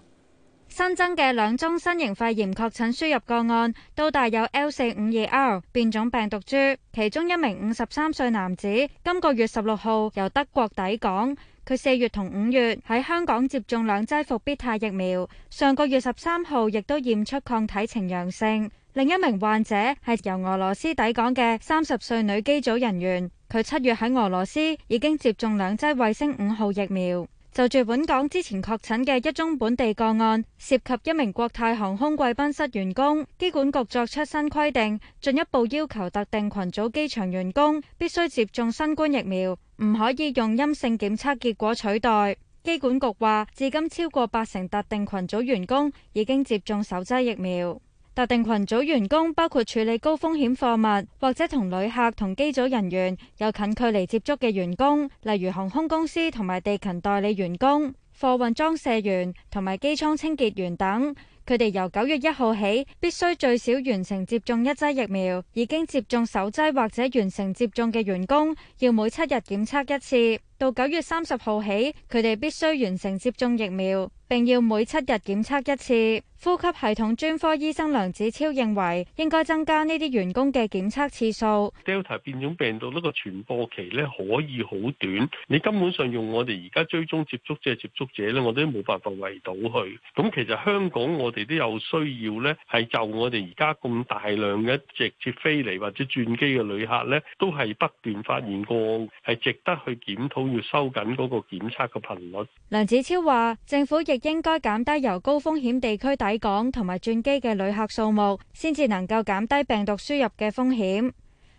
新增嘅兩宗新型肺炎確診輸入個案，都帶有 L 四五二 R 變種病毒株，其中一名五十三歲男子今個月十六號由德國抵港。佢四月同五月喺香港接種兩劑復必泰疫苗，上個月十三號亦都驗出抗體呈陽性。另一名患者係由俄羅斯抵港嘅三十歲女機組人員，佢七月喺俄羅斯已經接種兩劑衛星五號疫苗。就住本港之前確診嘅一宗本地個案，涉及一名國泰航空貴賓室員工，機管局作出新規定，進一步要求特定群組機場員工必須接種新冠疫苗，唔可以用陰性檢測結果取代。機管局話，至今超過八成特定群組員工已經接種首劑疫苗。特定群組員工包括處理高風險貨物，或者同旅客同機組人員有近距離接觸嘅員工，例如航空公司同埋地勤代理員工、貨運裝卸員同埋機艙清潔員等。佢哋由九月一號起必須最少完成接種一劑疫苗。已經接種首劑或者完成接種嘅員工，要每七日檢測一次。到九月三十號起，佢哋必須完成接種疫苗，並要每七日檢測一次。呼吸系統專科醫生梁子超認為，應該增加呢啲員工嘅檢測次數。Delta 變種病毒呢個傳播期咧可以好短，你根本上用我哋而家追蹤接觸者，接觸者咧，我都冇辦法圍到佢，咁其實香港我哋都有需要咧，係就我哋而家咁大量嘅直接飛嚟或者轉機嘅旅客咧，都係不斷發現個案，係值得去檢討，都要收緊嗰個檢測嘅頻率。梁子超話：政府亦應該減低由高風險地區抵港同埋轉機嘅旅客數目，先至能夠減低病毒輸入嘅風險。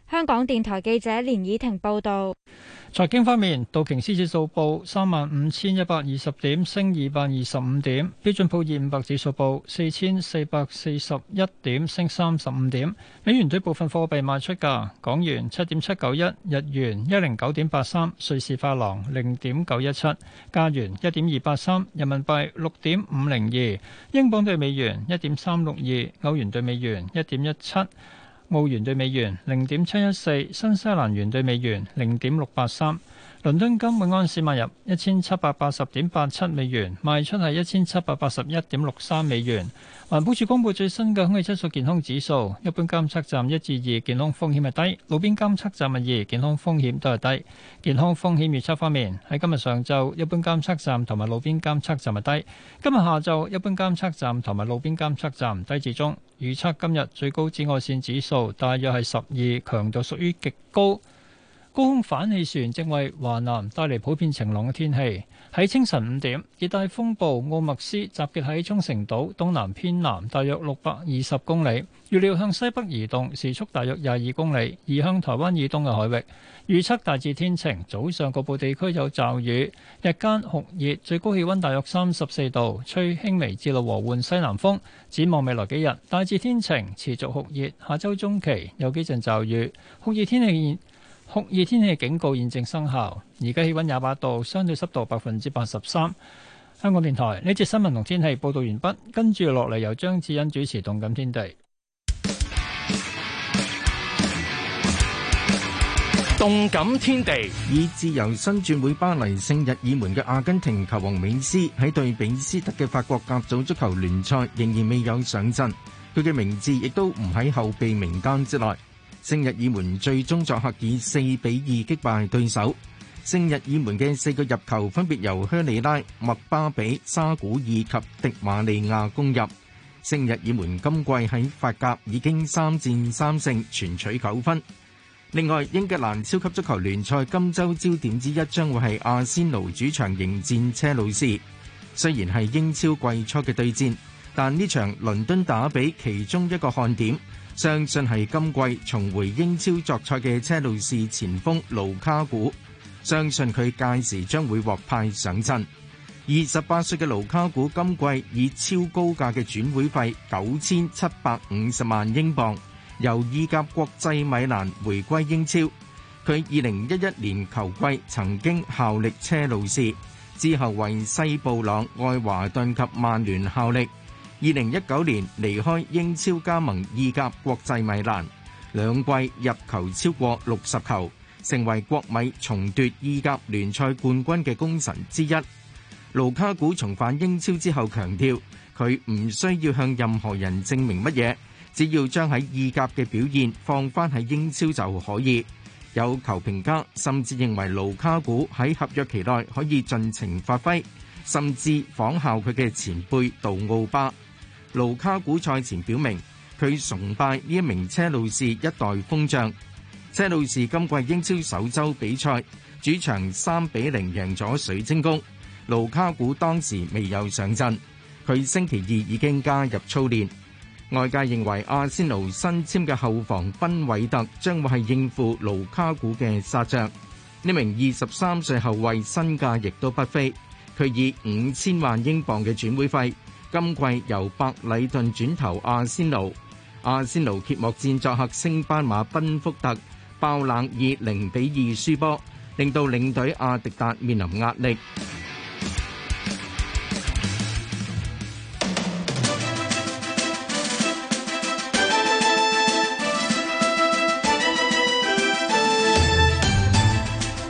香港電台記者連以婷報道。財經方面，道瓊斯指數報三萬五千一百二十點，升二百二十五點；標準普爾五百指數報四千四百四十一點，升三十五點。美元兌部分貨幣賣出價：港元七點七九一，日元一零九點八三，瑞士法郎零點九一七，加元一點二八三，人民幣六點五零二，英鎊兌美元一點三六二，歐元兌美元一點一七。澳元兌美元零點七一四，新西蘭元兌美元零點六八三。倫敦金每安士賣入一千七百八十點八七美元，賣出係一千七百八十一點六三美元。環保署公佈最新嘅空氣質素健康指數，一般監測站一至二健康風險係低，路邊監測站係二健康風險都係低。健康風險預測方面，喺今日上晝一般監測站同埋路邊監測站係低，今日下晝一般監測站同埋路邊監測站低至中。預測今日最高紫外線指數大約係十二，強度屬於極高。高空反氣旋正為華南帶嚟普遍晴朗嘅天氣。喺清晨五點，熱帶風暴奧麥斯集結喺沖繩島東南偏南，大約六百二十公里。預料向西北移動，時速大約廿二公里，移向台灣以東嘅海域。預測大致天晴，早上局部地區有驟雨，日間酷熱，最高氣温大約三十四度，吹輕微至到和緩西南風。展望未來幾日，大致天晴，持續酷熱。下周中期有幾陣驟雨，酷熱天氣。酷熱天氣警告現正生效，而家氣溫廿八度，相對濕度百分之八十三。香港電台呢節新聞同天氣報道完畢，跟住落嚟由張智欣主持《動感天地》。《動感天地》以自由身轉會巴黎聖日耳門嘅阿根廷球王美斯喺對比斯特嘅法國甲組足球聯賽仍然未有上陣，佢嘅名字亦都唔喺後備名單之內。聖日耳門最終作客以4相信係今季重回英超作賽嘅車路士前鋒盧卡古，相信佢屆時將會獲派上陣。二十八歲嘅盧卡古今季以超高價嘅轉會費九千七百五十萬英鎊，由意甲國際米蘭回歸英超。佢二零一一年球季曾經效力車路士，之後為西布朗、愛華頓及曼聯效力。2019年，離開英超加盟意甲國際米蘭，兩季入球超過60球，成為國米重奪意甲聯賽冠軍嘅功臣之一。盧卡古重返英超之後強調，佢唔需要向任何人證明乜嘢，只要將喺意甲嘅表現放返喺英超就可以。有球評家甚至認為盧卡古喺合約期內可以盡情發揮，甚至仿效佢嘅前輩杜奧巴，盧卡古賽前表明，佢崇拜呢一名車路士一代鋒將。車路士今季英超首周比賽主場三比零贏咗水晶宮。盧卡古當時未有上陣，佢星期二已經加入操練。外界認為阿仙奴新簽嘅後防賓韋特將會係應付盧卡古嘅殺將。呢名二十三歲後衛身價亦都不菲，佢以五千萬英鎊嘅轉會費。今季由白禮頓轉投阿仙奴，阿仙奴揭幕戰作客升班馬賓福特爆冷以零比二輸波，令到領隊阿迪達面臨壓力。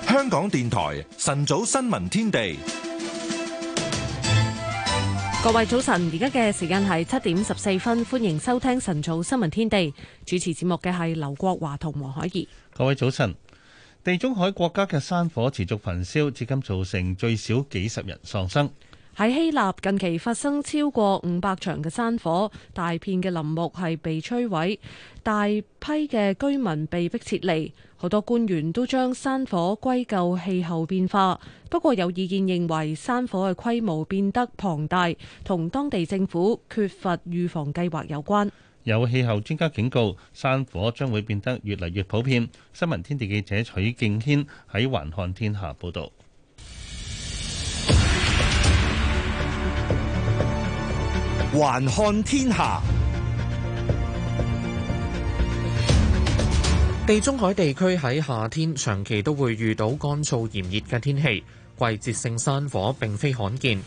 香港電台晨早新聞天地。各位早晨，而家嘅時間係七點十四分，歡迎收聽晨早新聞天地。主持節目嘅係劉國華同黃海怡。各位早晨，地中海國家嘅山火持續焚燒，至今造成最少幾十人喪生。喺希臘，近期發生超過五百場嘅山火，大片嘅林木係被摧毀，大批嘅居民被迫撤離。好多官員都將山火歸咎氣候變化，不過有意見認為山火嘅規模變得龐大，同當地政府缺乏預防計劃有關。有氣候專家警告，山火將會變得越嚟越普遍。新聞天地記者徐敬軒喺《環看天下》報道，《環看天下》。地中海地區喺夏天長期都會遇到乾燥炎熱嘅天氣，季節性山火並非罕見。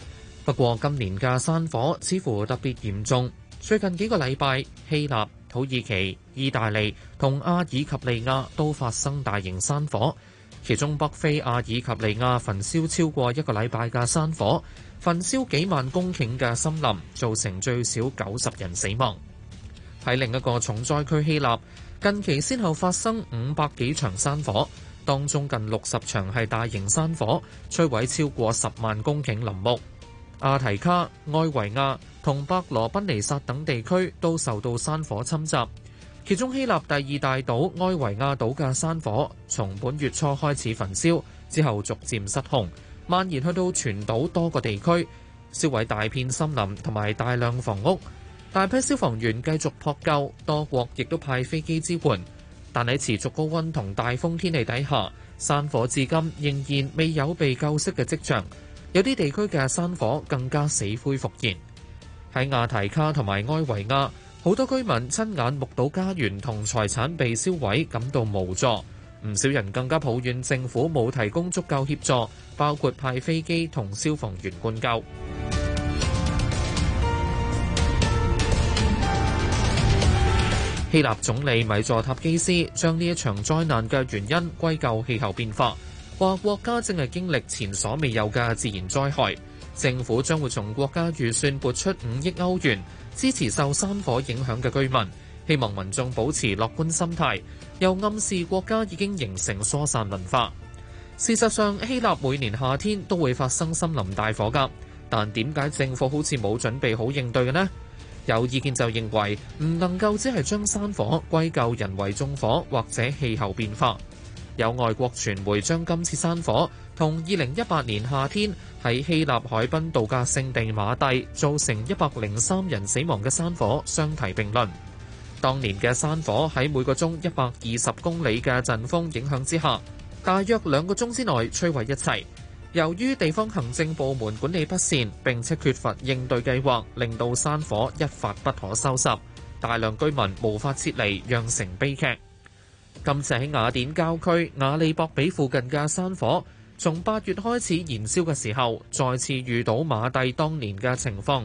不過今年嘅山火似乎特別嚴重。最近幾個禮拜，希臘、土耳其、意大利同阿爾及利亞都發生大型山火，其中北非阿爾及利亞焚燒超過一個禮拜嘅山火，焚燒幾萬公頃嘅森林，造成最少九十人死亡。喺另一個重災區，希臘，近期先後發生五百幾場山火，當中近六十場係大型山火，摧毀超過十萬公頃林木。阿提卡、埃維亞同伯羅奔尼撒等地區都受到山火侵襲。其中希臘第二大島埃維亞島嘅山火，從本月初開始焚燒，之後逐漸失控，蔓延去到全島多個地區，燒毀大片森林同埋大量房屋。大批消防員繼續撲救，多國亦都派飛機支援，但喺持續高溫同大風天氣底下，山火至今仍然未有被救熄嘅跡象。有啲地區嘅山火更加死灰復燃。喺亞提卡同埋埃維亞，好多居民親眼目睹家園同財產被燒毀，感到無助。唔少人更加抱怨政府冇提供足夠協助，包括派飛機同消防員灌救。希臘總理米佐塔基斯將呢一場災難嘅原因歸咎氣候變化，話國家正係經歷前所未有嘅自然災害。政府將會從國家預算撥出五億歐元支持受山火影響嘅居民，希望民眾保持樂觀心態，又暗示國家已經形成疏散文化。事實上，希臘每年夏天都會發生森林大火㗎，但點解政府好似冇準備好應對嘅呢？有意見就認為唔能夠只係將山火歸咎人為縱火或者氣候變化。有外國傳媒將今次山火同二零一八年夏天喺希臘海濱度假勝地馬蒂造成一百零三人死亡嘅山火相提並論。當年嘅山火喺每個鐘一百二十公里嘅陣風影響之下，大約兩個鐘之內摧毀一切。由於地方行政部門管理不善，並且缺乏應對計劃，令到山火一發不可收拾，大量居民無法撤離，釀成悲劇。今次喺雅典郊區雅利博比附近嘅山火，從八月開始燃燒嘅時候，再次遇到馬帝當年嘅情況。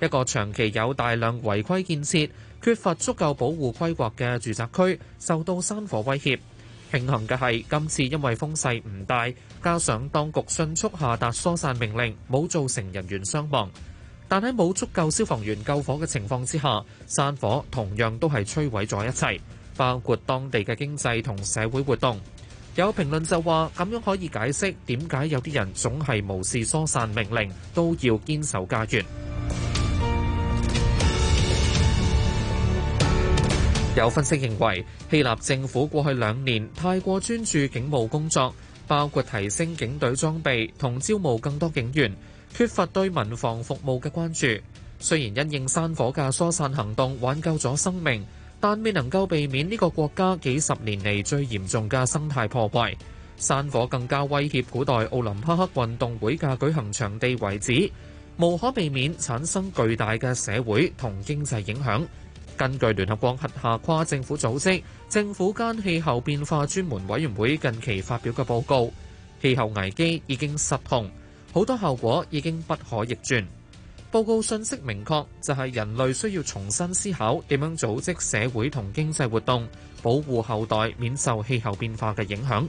一個長期有大量違規建設、缺乏足夠保護規劃嘅住宅區，受到山火威脅。平衡嘅係今次因為風勢唔大，加上當局迅速下達疏散命令，冇造成人員傷亡。但喺冇足夠消防員救火嘅情況之下，山火同樣都係摧毀咗一切，包括當地嘅經濟同社會活動。有評論就話，咁樣可以解釋點解有啲人總係無視疏散命令，都要堅守家園。有分析認為，希臘政府過去兩年太過專注警務工作，包括提升警隊裝備同招募更多警員，缺乏對民防服務嘅關注。雖然因應山火嘅疏散行動挽救咗生命，但未能夠避免呢個國家幾十年嚟最嚴重嘅生態破壞。山火更加威脅古代奧林匹克運動會嘅舉行場地遺址，無可避免產生巨大嘅社會同經濟影響。根據聯合國轄下跨政府組織政府間氣候變化專門委員會近期發表嘅報告，氣候危機已經失控，好多後果已經不可逆轉。報告信息明確，就係人類需要重新思考點樣組織社會同經濟活動，保護後代免受氣候變化嘅影響。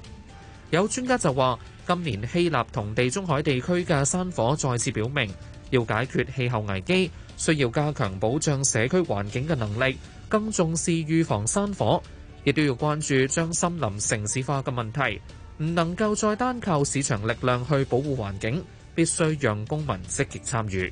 有專家就話，今年希臘同地中海地區嘅山火再次表明，要解決氣候危機，需要加強保障社區環境嘅能力，更重視預防山火，亦都要關注將森林城市化嘅問題。唔能夠再單靠市場力量去保護環境，必須讓公民積極參與。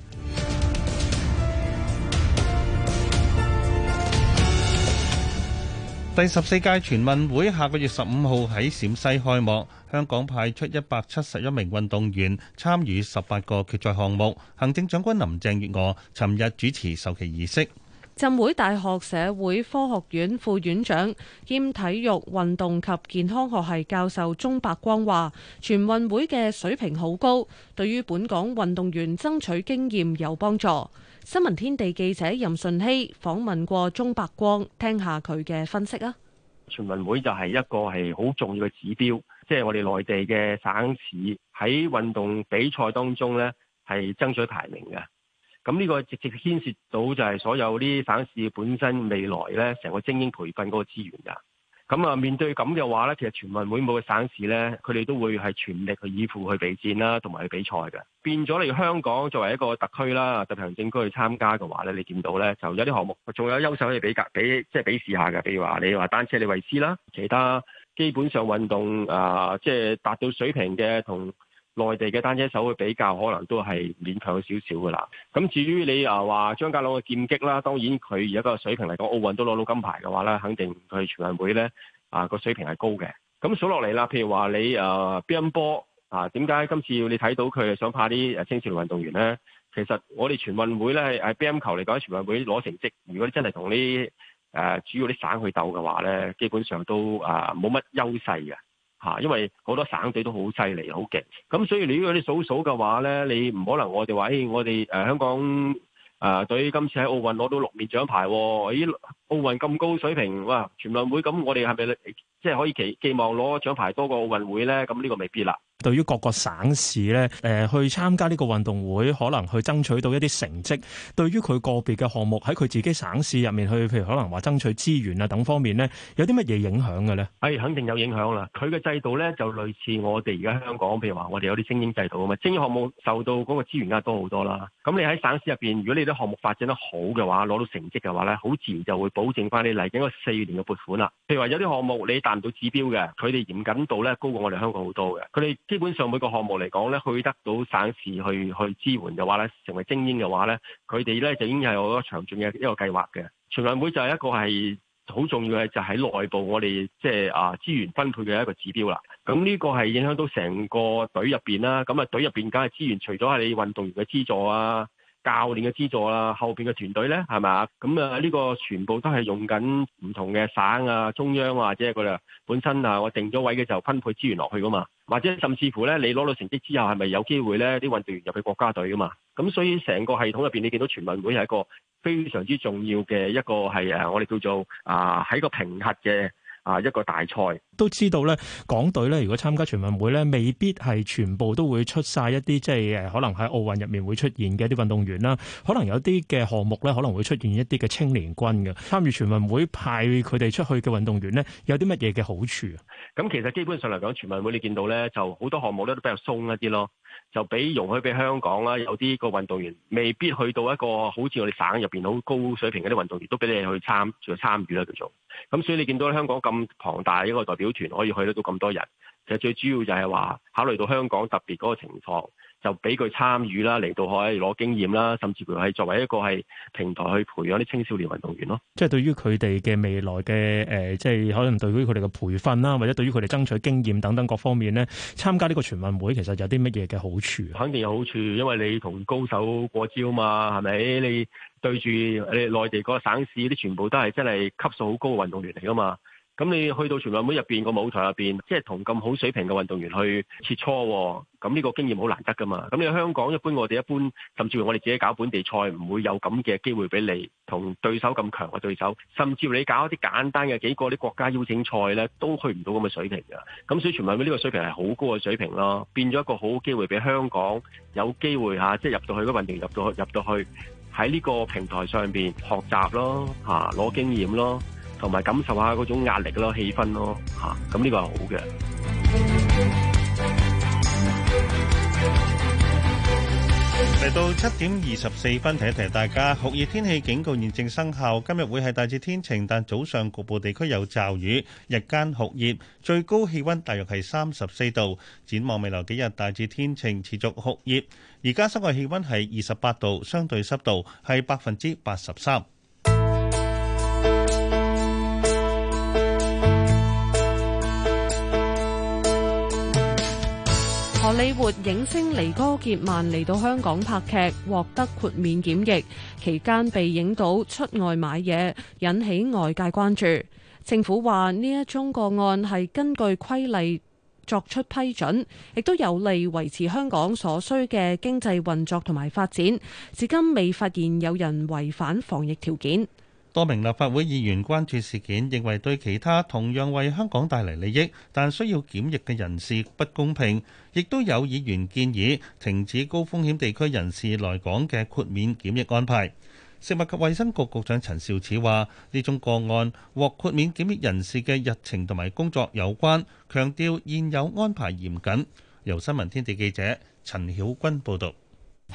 第十四屆全運會下個月十五號喺陝西開幕，香港派出一百七十一名運動員參與十八個決賽項目。行政長官林鄭月娥尋日主持授旗儀式。浸會大學社會科學院副院長兼體育運動及健康學系教授鍾伯光話，全運會嘅水平好高，對於本港運動員爭取經驗有幫助。新聞天地記者任順熙訪問過鍾伯光，聽下佢嘅分析啊！全運會就係一個係好重要嘅指標，即係我哋內地嘅省市喺運動比賽當中咧係爭取排名嘅。咁呢個直接牽涉到就係所有啲省市本身未來咧成個精英培訓嗰個資源噶。咁啊，面對咁嘅話咧，其實全運會每個省市咧，佢哋都會係全力去以赴去備戰啦，啊，同埋去比賽嘅。變咗嚟香港作為一個特區啦，啊，特別行政區去參加嘅話咧，你見到咧就有啲項目仲有優秀可以比較比，即係比試下嘅。譬如話你話單車李慧詩啦，其他基本上運動啊、呃，即係達到水平嘅同。內地嘅單車手會比較，可能都係勉強少少噶啦。咁至於你啊話張家朗嘅劍擊啦，當然佢而家個水平嚟講，奧運都攞到金牌嘅話咧，肯定佢全運會咧啊個水平係高嘅。咁數落嚟啦，譬如話你啊冰波啊，點解、啊、今次你睇到佢想派啲誒青少年運動員咧？其實我哋全運會咧係係冰球嚟講，全運會攞成績，如果你真係同呢誒主要啲省去鬥嘅話咧，基本上都啊冇乜優勢嘅。嚇！因為好多省隊都好犀利，好勁。咁所以你如果你數數嘅話咧，你唔可能我哋話，誒、欸、我哋誒、呃、香港誒、呃、隊今次喺奧運攞到六面獎牌喎，誒、欸、奧運咁高水平，哇！全運會咁，我哋係咪？即係可以寄寄望攞獎牌多過奧運會咧，咁、這、呢個未必啦。對於各個省市咧，誒、呃、去參加呢個運動會，可能去爭取到一啲成績，對於佢個別嘅項目喺佢自己省市入面去，譬如可能話爭取資源啊等方面咧，有啲乜嘢影響嘅咧？係、哎、肯定有影響啦。佢嘅制度咧就類似我哋而家香港，譬如話我哋有啲精英制度啊嘛，精英項目受到嗰個資源加多好多啦。咁你喺省市入邊，如果你啲項目發展得好嘅話，攞到成績嘅話咧，好自然就會保證翻你嚟緊個四年嘅撥款啦。譬如話有啲項目你達到指標嘅，佢哋嚴謹度咧高過我哋香港好多嘅。佢哋基本上每個項目嚟講咧，去得到省市去去支援嘅話咧，成為精英嘅話咧，佢哋咧就已經係有一個詳盡嘅一個計劃嘅。全運會就係一個係好重要嘅，就喺內部我哋即係啊資源分配嘅一個指標啦。咁呢個係影響到成個隊入邊啦。咁啊隊入邊梗係資源，除咗係你運動員嘅資助啊。教練嘅資助啦，後邊嘅團隊咧，係咪？咁、嗯、啊，呢、呢個全部都係用緊唔同嘅省啊、中央、啊、或者係佢哋本身啊，我定咗位嘅就分配資源落去噶嘛，或者甚至乎咧，你攞到成績之後，係咪有機會咧啲運動員入去國家隊噶嘛？咁、嗯、所以成個系統入邊，你見到全運會係一個非常之重要嘅一個係誒，我哋叫做啊喺個評核嘅。啊！一個大賽都知道咧，港隊咧，如果參加全運會咧，未必係全部都會出晒一啲即係誒，可能喺奧運入面會出現嘅一啲運動員啦。可能有啲嘅項目咧，可能會出現一啲嘅青年軍嘅。參與全運會派佢哋出去嘅運動員咧，有啲乜嘢嘅好處啊？咁其實基本上嚟講，全運會你見到咧，就好多項目咧都比較鬆一啲咯。就俾容許俾香港啦，有啲個運動員未必去到一個好似我哋省入邊好高水平嗰啲運動員，都俾你去參做參與啦叫做。咁所以你見到香港咁龐大一個代表團，可以去得到咁多人。其實最主要就係話考慮到香港特別嗰個情況，就俾佢參與啦，嚟到可以攞經驗啦，甚至乎係作為一個係平台去培養啲青少年運動員咯、呃。即係對於佢哋嘅未來嘅誒，即係可能對於佢哋嘅培訓啦，或者對於佢哋爭取經驗等等各方面咧，參加呢個全運會其實有啲乜嘢嘅好處？肯定有好處，因為你同高手過招嘛，係咪？你對住你內地嗰個省市啲全部都係真係級數好高嘅運動員嚟噶嘛？咁你去到全運會入邊個舞台入邊，即係同咁好水平嘅運動員去切磋，咁呢個經驗好難得噶嘛。咁你香港一般，我哋一般，甚至乎我哋自己搞本地賽，唔會有咁嘅機會俾你同對手咁強嘅對手。甚至乎你搞一啲簡單嘅幾個啲國家邀請賽呢，都去唔到咁嘅水平嘅。咁所以全運會呢個水平係好高嘅水平咯，變咗一個好機會俾香港有機會吓，即係入到去個運動，入到去入到去喺呢個平台上邊學習咯，吓攞經驗咯。同埋感受下嗰種壓力咯，氣氛咯，嚇咁呢個係好嘅。嚟到七點二十四分，提一提大家酷熱天氣警告現正生效，今日會係大致天晴，但早上局部地區有驟雨，日間酷熱，最高氣温大約係三十四度。展望未來幾日大致天晴，持續酷熱。而家室外氣温係二十八度，相對濕度係百分之八十三。荷里活影星尼哥傑曼嚟到香港拍劇，獲得豁免檢疫期間，被影到出外買嘢，引起外界關注。政府話呢一宗個案係根據規例作出批准，亦都有利維持香港所需嘅經濟運作同埋發展。至今未發現有人違反防疫條件。多名立法會議員關注事件，認為對其他同樣為香港帶嚟利益但需要檢疫嘅人士不公平。亦都有議員建議停止高風險地區人士來港嘅豁免檢疫安排。食物及衛生局局長陳肇始話：呢宗個案獲豁免檢疫人士嘅日程同埋工作有關，強調現有安排嚴謹。由新聞天地記者陳曉君報道。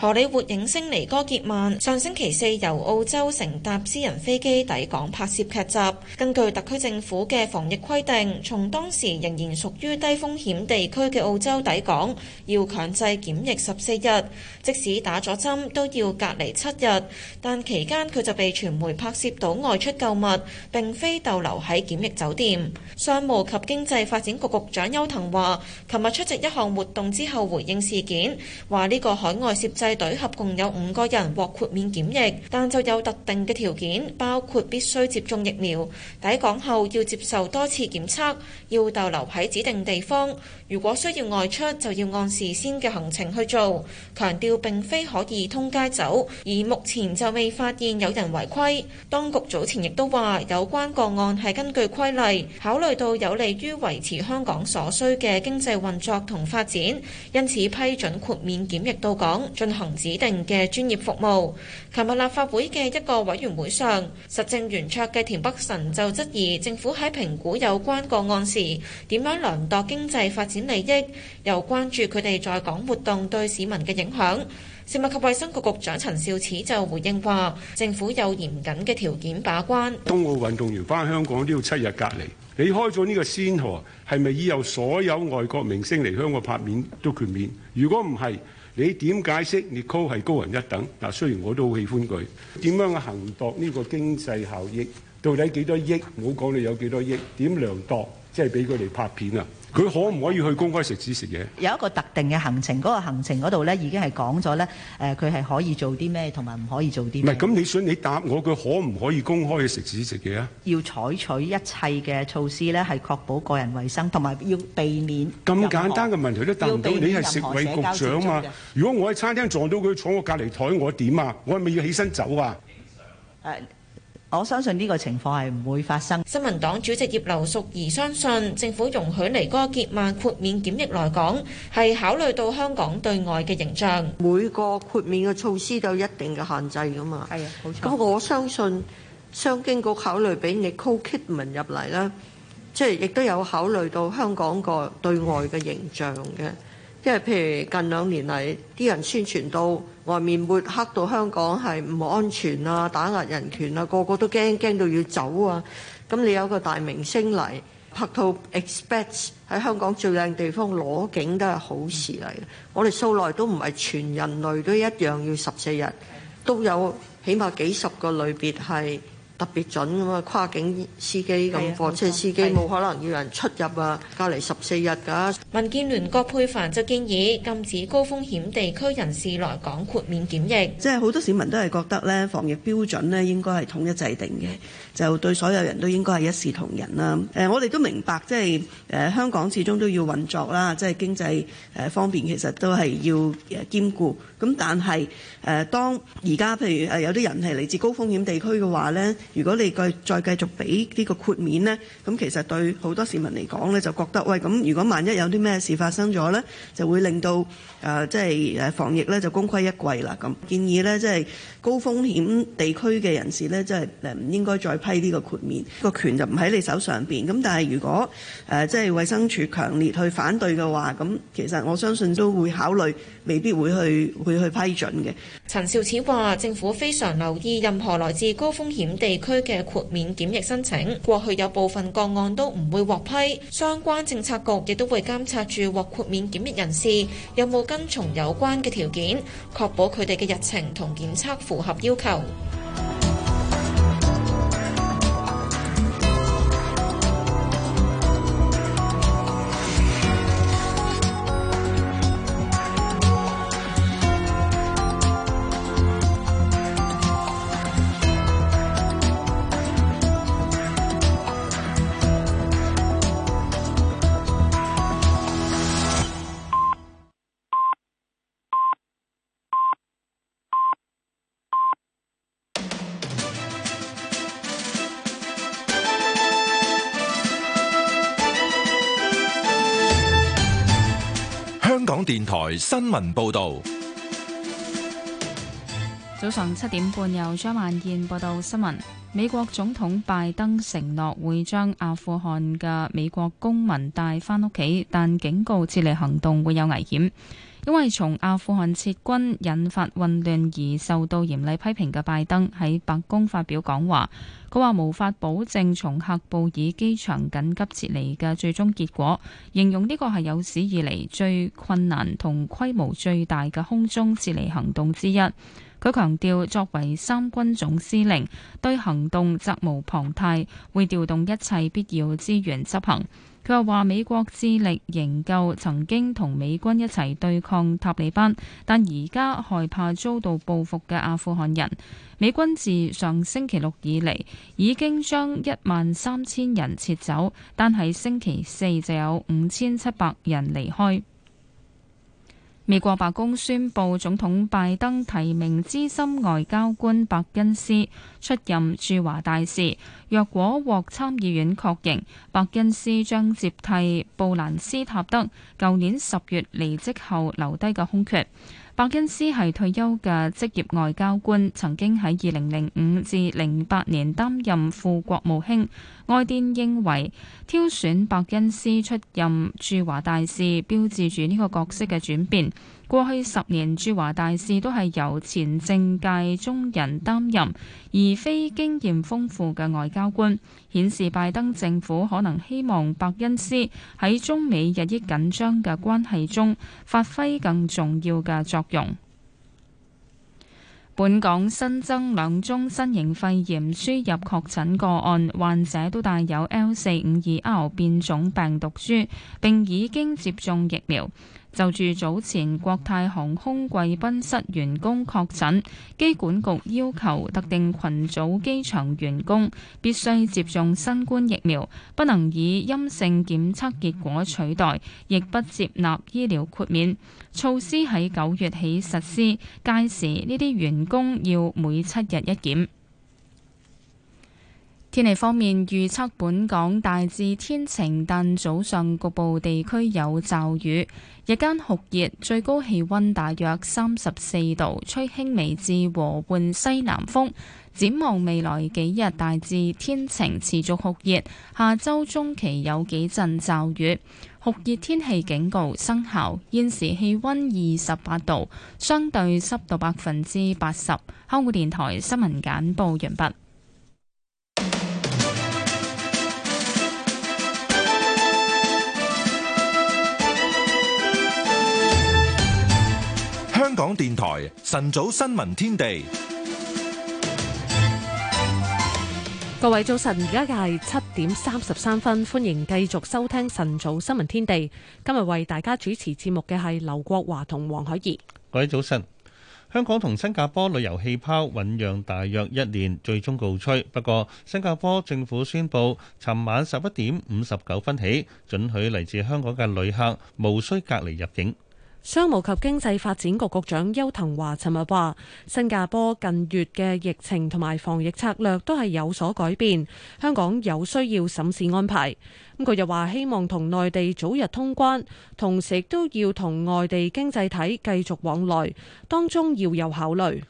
荷里活影星妮歌潔曼上星期四由澳洲乘搭私人飛機抵港拍攝劇集。根據特區政府嘅防疫規定，從當時仍然屬於低風險地區嘅澳洲抵港，要強制檢疫十四日，即使打咗針都要隔離七日。但期間佢就被傳媒拍攝到外出購物，並非逗留喺檢疫酒店。商務及經濟發展局局長邱騰華，琴日出席一項活動之後回應事件，話呢個海外攝製隊合共有五個人獲豁免檢疫，但就有特定嘅條件，包括必須接種疫苗，抵港後要接受多次檢測，要逗留喺指定地方。如果需要外出，就要按事先嘅行程去做。強調並非可以通街走，而目前就未發現有人違規。當局早前亦都話，有關個案係根據規例，考慮到有利於維持香港所需嘅經濟運作同發展，因此批准豁免檢疫到港。進行指定嘅專業服務。琴日立法會嘅一個委員會上，實政圓桌嘅田北辰就質疑政府喺評估有關個案時，點樣量度經濟發展利益，又關注佢哋在港活動對市民嘅影響。食物及衛生局局長陳肇始就回應話，政府有嚴謹嘅條件把關。東奧運動員翻香港都要七日隔離。你開咗呢個先河，係咪以後所有外國明星嚟香港拍片都豁免？如果唔係，你點解釋？Nicole 係高人一等嗱，雖然我都好喜歡佢。點樣衡量度呢個經濟效益？到底幾多億？唔好講你有幾多億？點量度？即係俾佢哋拍片啊！佢可唔可以去公開食肆食嘢？有一個特定嘅行程，嗰個行程嗰度咧已經係講咗咧，誒佢係可以做啲咩，同埋唔可以做啲咩。唔係，咁你想你答我，佢可唔可以公開去食肆食嘢啊？要採取一切嘅措施咧，係確保個人衞生，同埋要避免。咁簡單嘅問題都答唔到，你係食衞局長啊嘛？如果我喺餐廳撞到佢坐我隔離台，我點啊？我係咪要起身走啊？誒、啊。我相信呢個情況係唔會發生。新民黨主席葉劉淑儀相信，政府容許妮歌潔曼豁免檢疫來港，係考慮到香港對外嘅形象。每個豁免嘅措施都有一定嘅限制㗎嘛。係啊，好。咁我相信商經局考慮俾 Nicole Kidman 入嚟啦，即係亦都有考慮到香港個對外嘅形象嘅。即係譬如近兩年嚟，啲人宣傳到外面抹黑到香港係唔安全啊，打壓人權啊，個個都驚驚到要走啊。咁你有個大明星嚟拍套 expats 喺香港最靚地方攞景，都係好事嚟。我哋素來都唔係全人類都一樣要十四日，都有起碼幾十個類別係。特別準㗎嘛，跨境司機咁，貨的車司機冇可能要人出入啊，的隔離十四日㗎。民建聯葛珮帆就建議禁止高風險地區人士來港豁免檢疫。即係好多市民都係覺得咧，防疫標準咧應該係統一制定嘅。嗯就對所有人都應該係一視同仁啦。誒、呃，我哋都明白，即係誒香港始終都要運作啦，即、就、係、是、經濟誒、呃、方面其實都係要誒兼顧。咁、呃、但係誒、呃、當而家譬如誒、呃、有啲人係嚟自高風險地區嘅話咧，如果你再再繼續俾呢個豁免咧，咁其實對好多市民嚟講咧就覺得，喂，咁如果萬一有啲咩事發生咗咧，就會令到誒即係誒防疫咧就功虧一簣啦。咁建議咧即係高風險地區嘅人士咧，即係誒唔應該再批呢個豁免，個權就唔喺你手上邊，咁但係如果誒即係衛生署強烈去反對嘅話，咁其實我相信都會考慮，未必會去會去批准嘅。陳肇始話，政府非常留意任何來自高風險地區嘅豁免檢疫申請，過去有部分個案都唔會獲批，相關政策局亦都會監察住獲豁免檢疫人士有冇跟從有關嘅條件，確保佢哋嘅日程同檢測符合要求。電台新聞報道：早上七點半，由張萬燕報道新聞。美國總統拜登承諾會將阿富汗嘅美國公民帶返屋企，但警告撤離行動會有危險。因為從阿富汗撤軍引發混亂而受到嚴厲批評嘅拜登喺白宮發表講話，佢話無法保證從喀布爾機場緊急撤離嘅最終結果，形容呢個係有史以嚟最困難同規模最大嘅空中撤離行動之一。佢強調，作為三軍總司令，對行動責無旁貸，會調動一切必要資源執行。佢又話：美國致力營救曾經同美軍一齊對抗塔利班，但而家害怕遭到報復嘅阿富汗人。美軍自上星期六以嚟已經將一萬三千人撤走，但係星期四就有五千七百人離開。美國白宮宣布，總統拜登提名資深外交官伯恩斯出任駐華大使。若果獲參議院確認，伯恩斯將接替布蘭斯塔德，舊年十月離職後留低嘅空缺。白恩斯係退休嘅職業外交官，曾經喺二零零五至零八年擔任副國務卿。外電認為，挑選白恩斯出任駐華大使，標誌住呢個角色嘅轉變。過去十年駐華大使都係由前政界中人擔任，而非經驗豐富嘅外交官，顯示拜登政府可能希望伯恩斯喺中美日益緊張嘅關係中發揮更重要嘅作用。本港新增兩宗新型肺炎輸入確診個案，患者都帶有 L 四五二 R 變種病毒株，並已經接種疫苗。就住早前國泰航空貴賓室員工確診，機管局要求特定群組機場員工必須接種新冠疫苗，不能以陰性檢測結果取代，亦不接納醫療豁免措施。喺九月起實施，屆時呢啲員工要每七日一檢。天氣方面，預測，本港大致天晴，但早上局部地區有驟雨，日間酷熱，最高氣溫大約三十四度，吹輕微至和緩西南風。展望未來幾日大致天晴，持續酷熱，下周中期有幾陣驟雨，酷熱天氣警告生效。現時氣溫二十八度，相對濕度百分之八十。香港電台新聞簡報完畢。港電台晨早新聞天地，各位早晨，而家嘅係七點三十三分，歡迎繼續收聽晨早新聞天地。今日為大家主持節目嘅係劉國華同黃海怡。各位早晨，香港同新加坡旅遊氣泡醞釀大約一年，最終告吹。不過，新加坡政府宣布，尋晚十一點五十九分起，准許嚟自香港嘅旅客無需隔離入境。商務及經濟發展局局長邱騰華尋日話，新加坡近月嘅疫情同埋防疫策略都係有所改變，香港有需要審視安排。咁佢又話希望同內地早日通關，同時亦都要同外地經濟體繼續往來，當中要有考慮。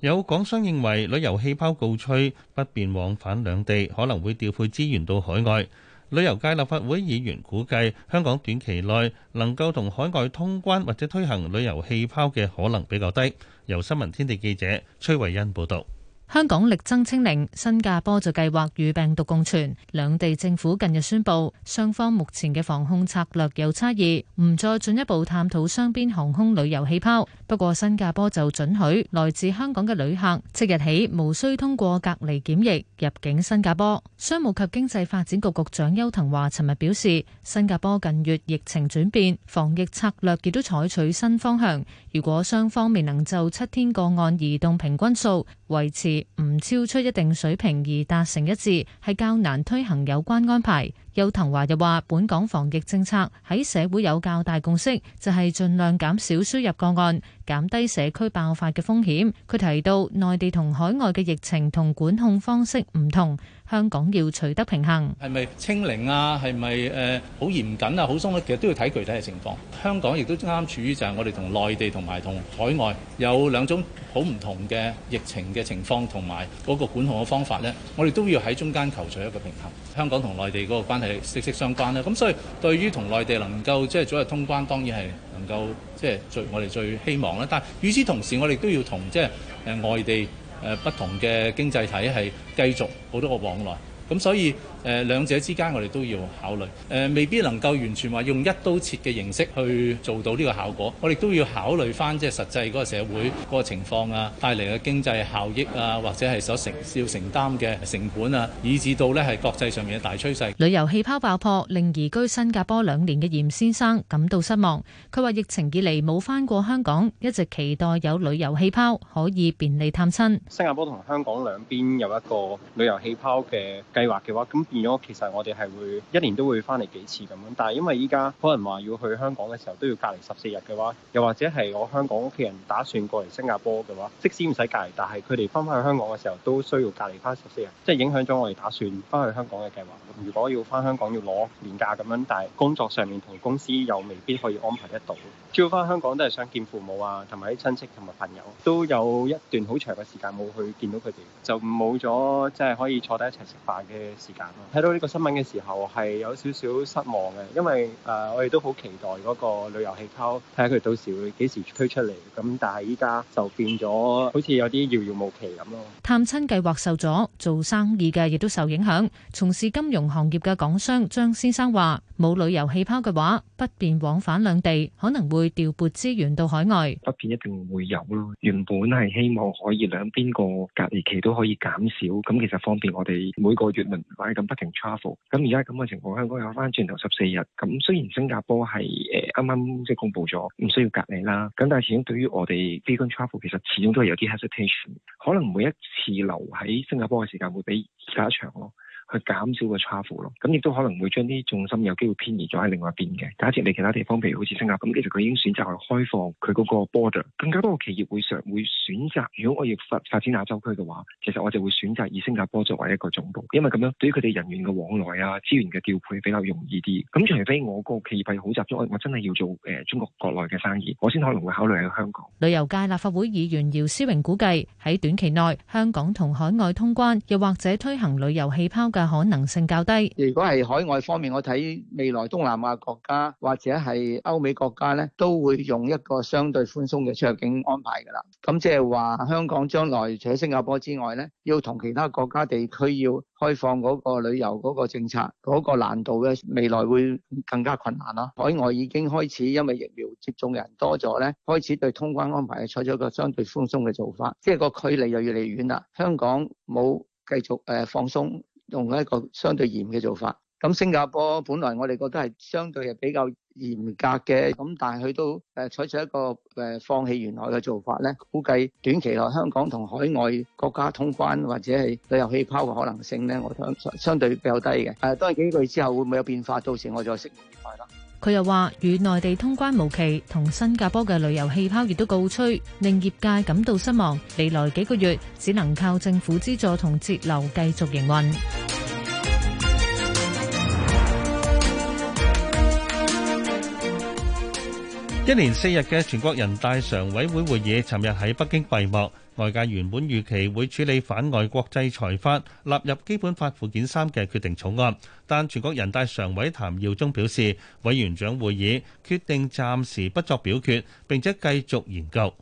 有港商認為旅遊氣泡告吹，不便往返兩地，可能會調配資源到海外。旅遊界立法會議員估計，香港短期內能夠同海外通關或者推行旅遊氣泡嘅可能比較低。由新聞天地記者崔慧欣報導。香港力爭清零，新加坡就計劃與病毒共存。兩地政府近日宣布，雙方目前嘅防控策略有差異，唔再進一步探討雙邊航空旅遊氣泡。不過，新加坡就准許來自香港嘅旅客，即日起無需通過隔離檢疫入境新加坡。商務及經濟發展局局長邱騰華尋日表示，新加坡近月疫情轉變，防疫策略亦都採取新方向。如果雙方未能就七天個案移動平均數維持，唔超出一定水平而達成一致，係較難推行有關安排。邱騰華又話，本港防疫政策喺社會有較大共識，就係、是、盡量減少輸入個案，減低社區爆發嘅風險。佢提到，內地同海外嘅疫情同管控方式唔同。香港要取得平衡，係咪清零啊？係咪誒好嚴謹啊？好鬆咧、啊？其實都要睇具體嘅情況。香港亦都啱啱處於就係我哋同內地同埋同海外有兩種好唔同嘅疫情嘅情況同埋嗰個管控嘅方法呢，我哋都要喺中間求取一個平衡。香港同內地嗰個關係息息相關咧，咁所以對於同內地能夠即係早日通關，當然係能夠即係最我哋最希望啦。但係與此同時，我哋都要同即係誒外地。誒，不同嘅經濟體係繼續好多個往來。咁所以誒兩者之間，我哋都要考慮誒，未必能夠完全話用一刀切嘅形式去做到呢個效果。我哋都要考慮翻即係實際嗰個社會嗰個情況啊，帶嚟嘅經濟效益啊，或者係所承要承擔嘅成本啊，以至到咧係國際上面嘅大趨勢。旅遊氣泡爆破，令移居新加坡兩年嘅嚴先生感到失望。佢話疫情以嚟冇翻過香港，一直期待有旅遊氣泡可以便利探親。新加坡同香港兩邊有一個旅遊氣泡嘅計劃嘅話，咁變咗其實我哋係會一年都會翻嚟幾次咁樣，但係因為依家可能話要去香港嘅時候都要隔離十四日嘅話，又或者係我香港屋企人打算過嚟新加坡嘅話，即使唔使隔離，但係佢哋翻返去香港嘅時候都需要隔離翻十四日，即係影響咗我哋打算翻去香港嘅計劃。如果要翻香港要攞年假咁樣，但係工作上面同公司又未必可以安排得到。主要翻香港都係想見父母啊，同埋啲親戚同埋朋友都有一段好長嘅時間冇去見到佢哋，就冇咗即係可以坐低一齊食飯嘅時間咯，睇到呢個新聞嘅時候係有少少失望嘅，因為誒我哋都好期待嗰個旅遊氣泡，睇下佢到時會幾時推出嚟。咁但係依家就變咗，好似有啲遙遙無期咁咯。探親計劃受阻，做生意嘅亦都受影響。從事金融行業嘅港商張先生話：冇旅遊氣泡嘅話，不便往返兩地，可能會調撥資源到海外。不便一定會有咯。原本係希望可以兩邊個隔離期都可以減少，咁其實方便我哋每個。越輪話咁不停 travel，咁而家咁嘅情況，香港有翻轉頭十四日。咁雖然新加坡係誒啱啱即係公布咗唔需要隔離啦，咁但係始終對於我哋飛機 travel 其實始終都係有啲 hesitation。可能每一次留喺新加坡嘅時間會比而家長咯。去減少個差庫咯，咁亦都可能會將啲重心有機會偏移咗喺另外一邊嘅。假設你其他地方，譬如好似新加坡，咁其實佢已經選擇去開放佢嗰個 border，更加多嘅企業會常會選擇，如果我要發發展亞洲區嘅話，其實我就會選擇以新加坡作為一個總部，因為咁樣對於佢哋人員嘅往來啊、資源嘅調配比較容易啲。咁除非我個企業譬如好集中，我真係要做誒中國國內嘅生意，我先可能會考慮喺香港。旅遊界立法會議員姚思榮估計喺短期內，香港同海外通關，又或者推行旅遊氣泡嘅。可能性較低。如果係海外方面，我睇未來東南亞國家或者係歐美國家咧，都會用一個相對寬鬆嘅出入境安排㗎啦。咁即係話香港將來除咗新加坡之外咧，要同其他國家地區要開放嗰個旅遊嗰個政策嗰個難度嘅未來會更加困難啦。海外已經開始，因為疫苗接種嘅人多咗咧，開始對通關安排採取一個相對寬鬆嘅做法，即係個距離又越嚟越遠啦。香港冇繼續誒放鬆。用一個相對嚴嘅做法，咁新加坡本來我哋覺得係相對係比較嚴格嘅，咁但係佢都誒採取一個誒放棄原來嘅做法咧，估計短期內香港同海外國家通關或者係旅遊氣泡嘅可能性咧，我想相對比較低嘅。誒、啊，當然幾個月之後會唔會有變化，到時我再釋明啦。佢又話：與內地通關無期，同新加坡嘅旅遊氣泡亦都告吹，令業界感到失望。未來幾個月只能靠政府資助同節流繼續營運。一連四日嘅全國人大常委會會議，尋日喺北京閉幕。外界原本預期會處理反外國制裁法納入基本法附件三嘅決定草案，但全國人大常委譚耀宗表示，委員長會議決定暫時不作表決，並且繼續研究。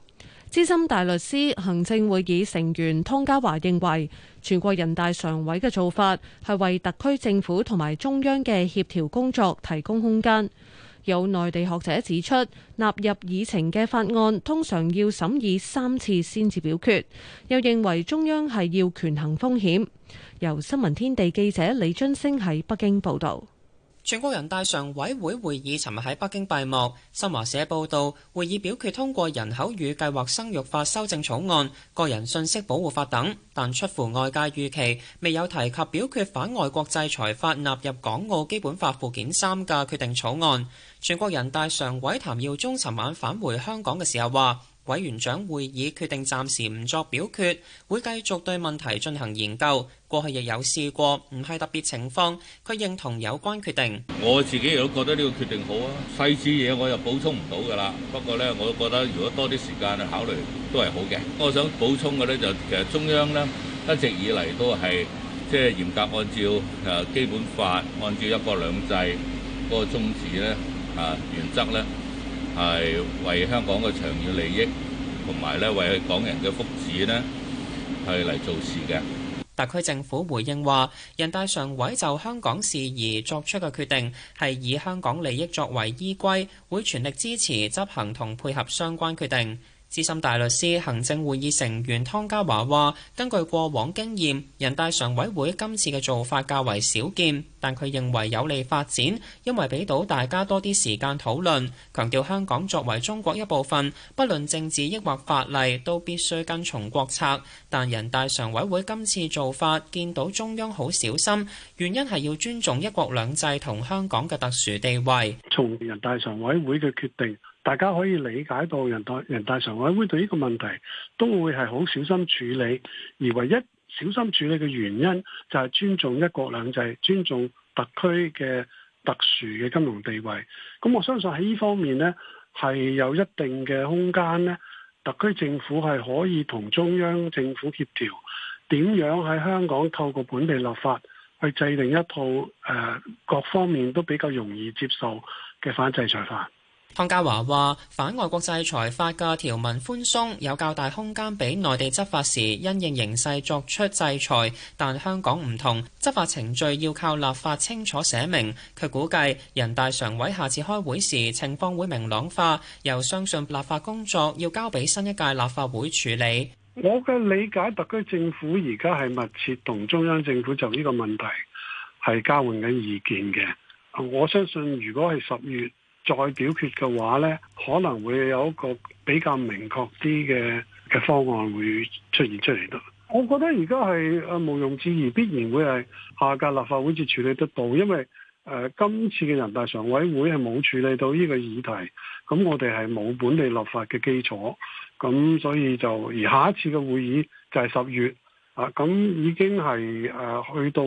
資深大律師、行政會議成員湯家驊認為，全國人大常委嘅做法係為特區政府同埋中央嘅協調工作提供空間。有內地學者指出，納入議程嘅法案通常要審議三次先至表決，又認為中央係要權衡風險。由新聞天地記者李晉陞喺北京報導。全國人大常委會會議尋日喺北京閉幕。新華社報道，會議表決通過人口與計劃生育法修正草案、個人信息保護法等，但出乎外界預期，未有提及表決反外國制裁法納入港澳基本法附件三嘅決定草案。全國人大常委譚耀宗尋晚返回香港嘅時候話：委員長會議決定暫時唔作表決，會繼續對問題進行研究。過去亦有試過，唔係特別情況，佢認同有關決定。我自己亦都覺得呢個決定好啊。細節嘢我又補充唔到㗎啦。不過咧，我覺得如果多啲時間去考慮都係好嘅。我想補充嘅咧就是、其實中央咧一直以嚟都係即係嚴格按照誒基本法，按照一國兩制嗰個宗旨咧啊原則咧。係為香港嘅長遠利益,同埋咧為港人嘅福祉呢,係嚟做事嘅。特區政府回應話,人大常委就香港事宜作出嘅決定係以香港利益作為依歸,會全力支持執行同配合相關決定。資深大律師、行政會議成員湯家驊話：根據過往經驗，人大常委會今次嘅做法較為少見，但佢認為有利發展，因為俾到大家多啲時間討論。強調香港作為中國一部分，不論政治抑或法例，都必須跟從國策。但人大常委會今次做法，見到中央好小心，原因係要尊重一國兩制同香港嘅特殊地位。從人大常委會嘅決定。大家可以理解到人大、人大常委會對呢個問題都會係好小心處理，而唯一小心處理嘅原因就係尊重一國兩制，尊重特區嘅特殊嘅金融地位。咁我相信喺呢方面咧，係有一定嘅空間咧，特區政府係可以同中央政府協調點樣喺香港透過本地立法，去制定一套誒、呃、各方面都比較容易接受嘅反制裁法。湯家驊話：反外國制裁法嘅條文寬鬆，有較大空間俾內地執法時因應形勢作出制裁。但香港唔同，執法程序要靠立法清楚寫明。佢估計人大常委下次開會時情況會明朗化，又相信立法工作要交俾新一屆立法會處理。我嘅理解，特區政府而家係密切同中央政府就呢個問題係交換緊意見嘅。我相信如果係十月。再表決嘅話，呢，可能會有一個比較明確啲嘅嘅方案會出現出嚟咯。我覺得而家係啊，毋庸置疑，必然會係下屆立法會至處理得到，因為、呃、今次嘅人大常委會係冇處理到呢個議題，咁我哋係冇本地立法嘅基礎，咁所以就而下一次嘅會議就係十月啊，咁已經係誒、呃、去到。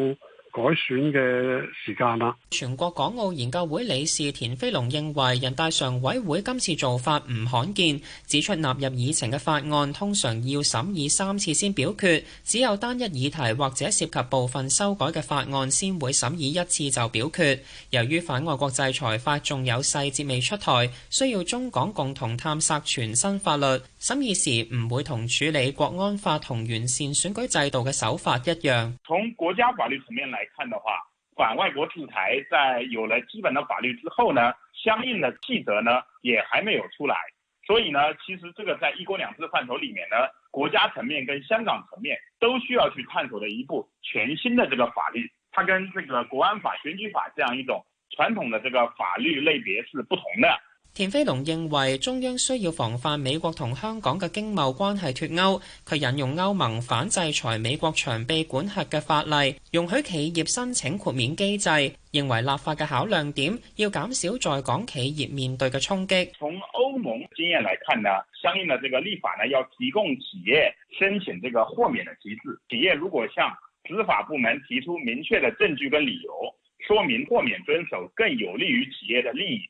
改選嘅時間啦。全國港澳研究會理事田飛龍認為，人大常委會今次做法唔罕見，指出納入議程嘅法案通常要審議三次先表決，只有單一議題或者涉及部分修改嘅法案先會審議一次就表決。由於反外國制裁法仲有細節未出台，需要中港共同探索全新法律。審議時唔會同處理國安法同完善選舉制度嘅手法一樣。從國家法律層面來看的話，反外國制裁在有了基本的法律之後呢，相應的細則呢也還沒有出來。所以呢，其實這個在一國兩制範疇裡面呢，國家層面跟香港層面都需要去探索的一部全新的這個法律，它跟這個國安法、選舉法這樣一種傳統的這個法律類別是不同的。田飛龍認為中央需要防範美國同香港嘅經貿關係脫歐。佢引用歐盟反制裁美國長臂管轄嘅法例，容許企業申請豁免機制，認為立法嘅考量點要減少在港企業面對嘅衝擊。從歐盟經驗嚟看呢，相應的這個立法呢，要提供企業申請這個豁免的機制。企業如果向執法部門提出明確的證據跟理由，說明豁免遵守更有利於企業的利益。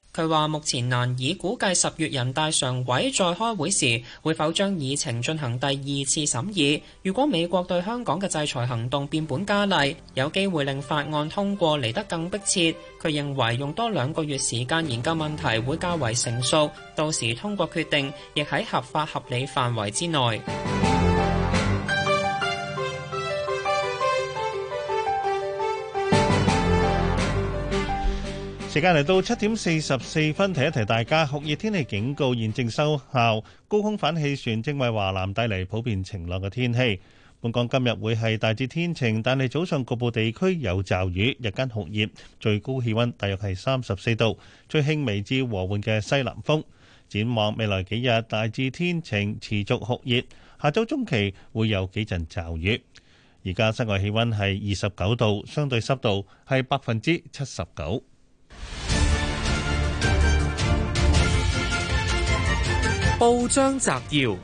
佢話：目前難以估計十月人大常委再開會時，會否將議程進行第二次審議。如果美國對香港嘅制裁行動變本加厲，有機會令法案通過嚟得更迫切。佢認為用多兩個月時間研究問題，會較為成熟，到時通過決定亦喺合法合理範圍之內。時間嚟到七點四十四分，提一提大家酷熱天氣警告現正生效，高空反氣旋正為華南帶嚟普遍晴朗嘅天氣。本港今日會係大致天晴，但係早上局部地區有驟雨，日間酷熱，最高氣溫大約係三十四度。吹輕微至和緩嘅西南風。展望未來幾日大致天晴，持續酷熱。下周中期會有幾陣驟雨。而家室外氣溫係二十九度，相對濕度係百分之七十九。報章摘要：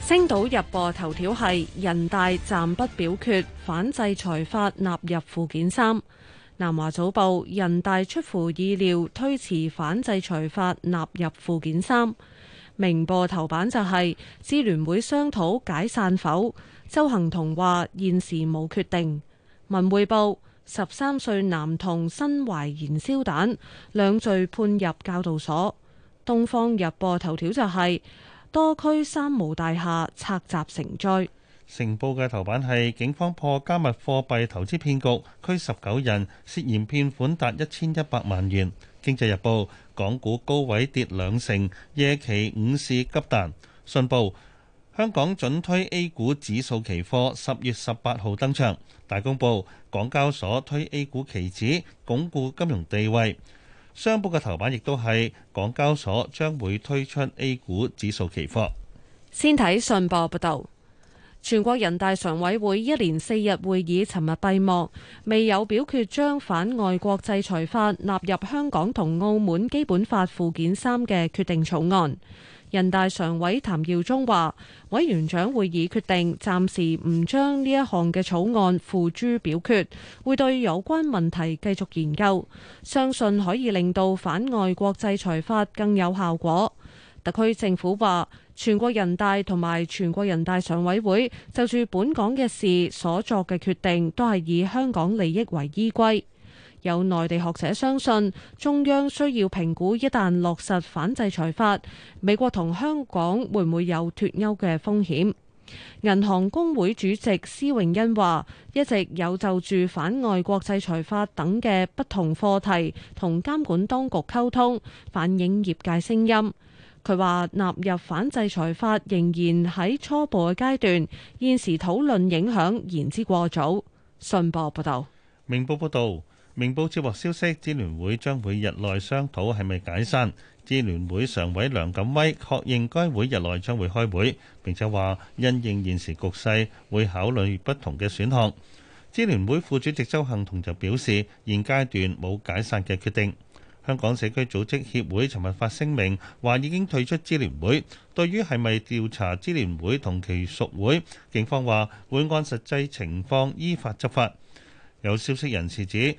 星島日報頭條係人大暫不表決反制裁法納入附件三。南華早報：人大出乎意料推遲反制裁法納入附件三。明報頭版就係、是、支聯會商討解散否，鄒幸彤話現時冇決定。文匯報：十三歲男童身懷燃燒彈，兩罪判入教導所。東方日報頭條就係多區三無大廈拆閘成災。成報嘅頭版係警方破加密貨幣投資騙局，拘十九人，涉嫌騙款達一千一百萬元。經濟日報，港股高位跌兩成，夜期午市急彈。信報，香港准推 A 股指數期貨，十月十八號登場。大公報，港交所推 A 股期指，鞏固金融地位。商報嘅頭版亦都係，港交所將會推出 A 股指數期貨。先睇信報報道，全國人大常委會一連四日會議，尋日閉幕，未有表決將反外國制裁法納入香港同澳門基本法附件三嘅決定草案。人大常委譚耀宗話，委員長會議決定暫時唔將呢一項嘅草案付諸表決，會對有關問題繼續研究，相信可以令到反外國制裁法，更有效果。特區政府話，全國人大同埋全國人大常委會就住本港嘅事所作嘅決定，都係以香港利益為依歸。有內地學者相信，中央需要評估，一旦落實反制裁法，美國同香港會唔會有脱歐嘅風險？銀行公會主席施榮恩話：一直有就住反外國制裁法等嘅不同課題同監管當局溝通，反映業界聲音。佢話納入反制裁法仍然喺初步嘅階段，現時討論影響言之過早。信報報道，明報報道。明報接獲消息，支聯會將會日內商討係咪解散。支聯會常委梁錦威確認該會日內將會開會，並且話因應現時局勢，會考慮不同嘅選項。支聯會副主席鄒幸彤就表示，現階段冇解散嘅決定。香港社區組織協會尋日發聲明話已經退出支聯會。對於係咪調查支聯會同其屬會，警方話會按實際情況依法執法。有消息人士指，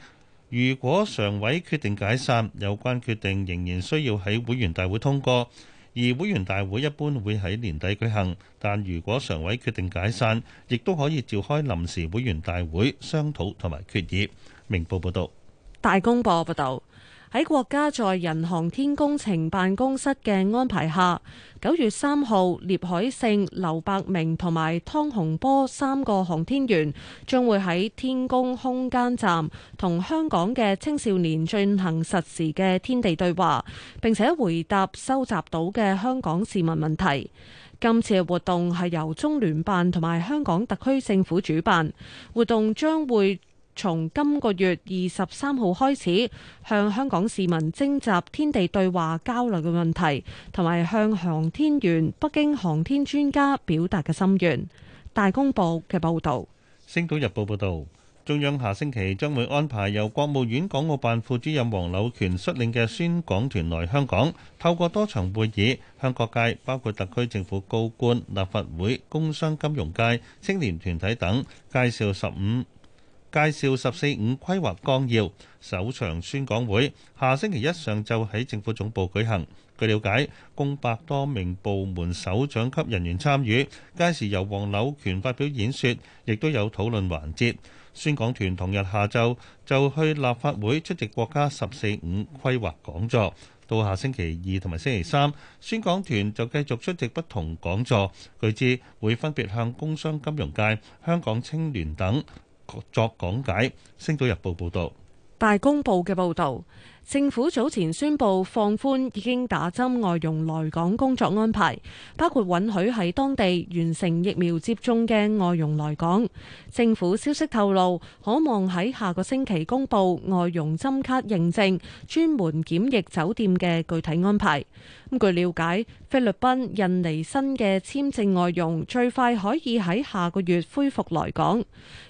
如果常委決定解散，有關決定仍然需要喺會員大會通過，而會員大會一般會喺年底舉行。但如果常委決定解散，亦都可以召開臨時會員大會商討同埋決議。明報報道。大公報報道。喺國家載人航天工程辦公室嘅安排下，九月三號，聶海勝、劉伯明同埋湯洪波三個航天員將會喺天宮空間站同香港嘅青少年進行實時嘅天地對話，並且回答收集到嘅香港市民問題。今次嘅活動係由中聯辦同埋香港特區政府主辦，活動將會，從今個月二十三號開始，向香港市民徵集天地對話交流嘅問題，同埋向航天員、北京航天專家表達嘅心願。大公報嘅報道，《星島日報》報道，中央下星期將會安排由國務院港澳辦副主任黃柳權率領嘅宣講團來香港，透過多場會議，向各界，包括特區政府高官、立法會、工商金融界、青年團體等，介紹十五。介紹十四五規劃綱要首場宣講會，下星期一上晝喺政府總部舉行。據了解，共百多名部門首長級人員參與，屆時由黃柳權發表演說，亦都有討論環節。宣講團同日下晝就去立法會出席國家十四五規劃講座，到下星期二同埋星期三，宣講團就繼續出席不同講座。據知會分別向工商金融界、香港青聯等。作講解，《星島日報》報導、大公報嘅報導，政府早前宣布放寬已經打針外傭來港工作安排，包括允許喺當地完成疫苗接種嘅外傭來港。政府消息透露，可望喺下個星期公布外傭針卡認證，專門檢疫酒店嘅具體安排。據了解，菲律賓、印尼新嘅簽證外傭最快可以喺下個月恢復來港。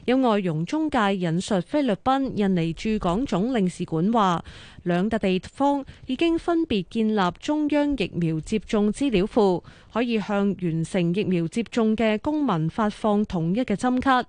有外傭中介引述菲律賓、印尼駐港總領事館話，兩笪地方已經分別建立中央疫苗接種資料庫，可以向完成疫苗接種嘅公民發放統一嘅針卡。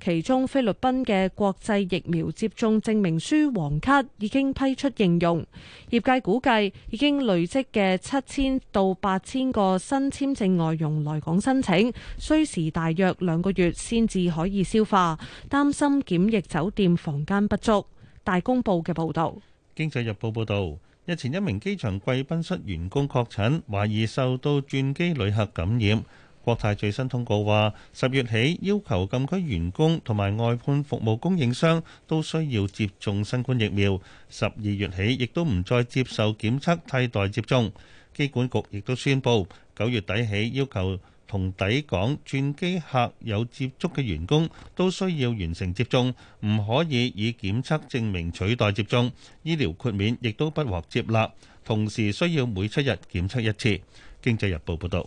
其中菲律賓嘅國際疫苗接種證明書黃卡已經批出應用，業界估計已經累積嘅七千到八千個新簽證外傭來港申請，需時大約兩個月先至可以消化，擔心檢疫酒店房間不足。大公報嘅報導，《經濟日報》報導，日前一名機場貴賓室員工確診，懷疑受到轉機旅客感染。國泰最新通告話，十月起要求禁區員工同埋外判服務供應商都需要接種新冠疫苗。十二月起，亦都唔再接受檢測替代接種。機管局亦都宣布，九月底起要求同抵港轉機客有接觸嘅員工都需要完成接種，唔可以以檢測證明取代接種。醫療豁免亦都不獲接納，同時需要每七日檢測一次。經濟日報報導。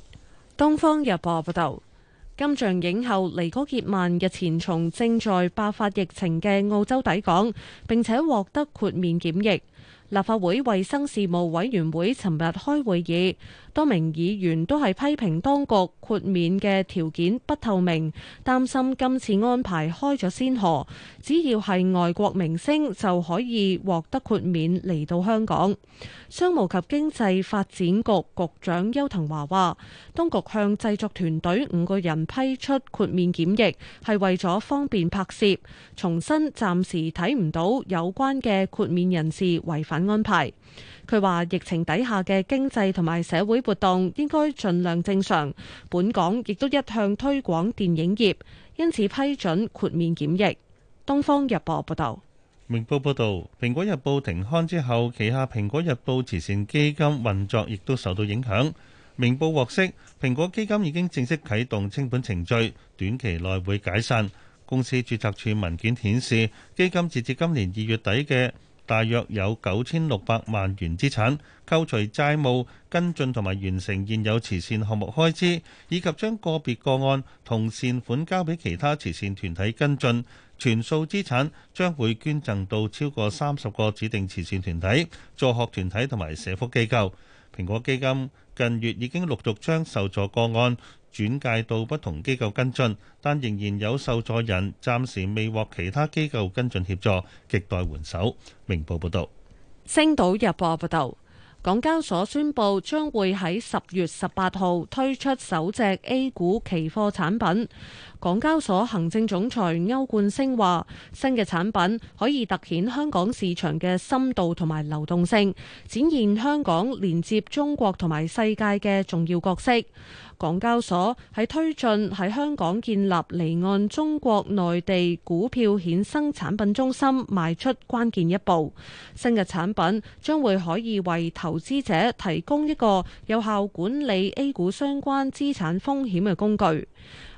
東方日報報道，金像影后尼哥杰曼日前從正在爆發疫情嘅澳洲抵港，並且獲得豁免檢疫。立法會衛生事務委員會尋日開會議。多名議員都係批評當局豁免嘅條件不透明，擔心今次安排開咗先河，只要係外國明星就可以獲得豁免嚟到香港。商務及經濟發展局局長邱騰華話，當局向製作團隊五個人批出豁免檢疫，係為咗方便拍攝，重申暫時睇唔到有關嘅豁免人士違反安排。佢話：疫情底下嘅經濟同埋社會活動應該盡量正常。本港亦都一向推廣電影業，因此批准豁免檢疫。《東方日報》報道。《明報》報道，蘋果日報停刊之後，旗下蘋果日報慈善基金運作亦都受到影響。明報獲悉，蘋果基金已經正式啟動清盤程序，短期內會解散。公司註冊處文件顯示，基金截至今年二月底嘅大約有九千六百萬元資產，扣除債務跟進同埋完成現有慈善項目開支，以及將個別個案同善款交俾其他慈善團體跟進，全數資產將會捐贈到超過三十個指定慈善團體、助學團體同埋社福機構。蘋果基金近月已經陸續將受助個案，轉介到不同機構跟進，但仍然有受助人暫時未獲其他機構跟進協助，亟待援手。明報報道。星島日報報道，港交所宣布將會喺十月十八號推出首隻 A 股期貨產品。港交所行政總裁歐冠昇話：新嘅產品可以突顯香港市場嘅深度同埋流動性，展現香港連接中國同埋世界嘅重要角色。港交所喺推進喺香港建立離岸中國內地股票衍生產品中心邁出關鍵一步。新嘅產品將會可以為投資者提供一個有效管理 A 股相關資產風險嘅工具。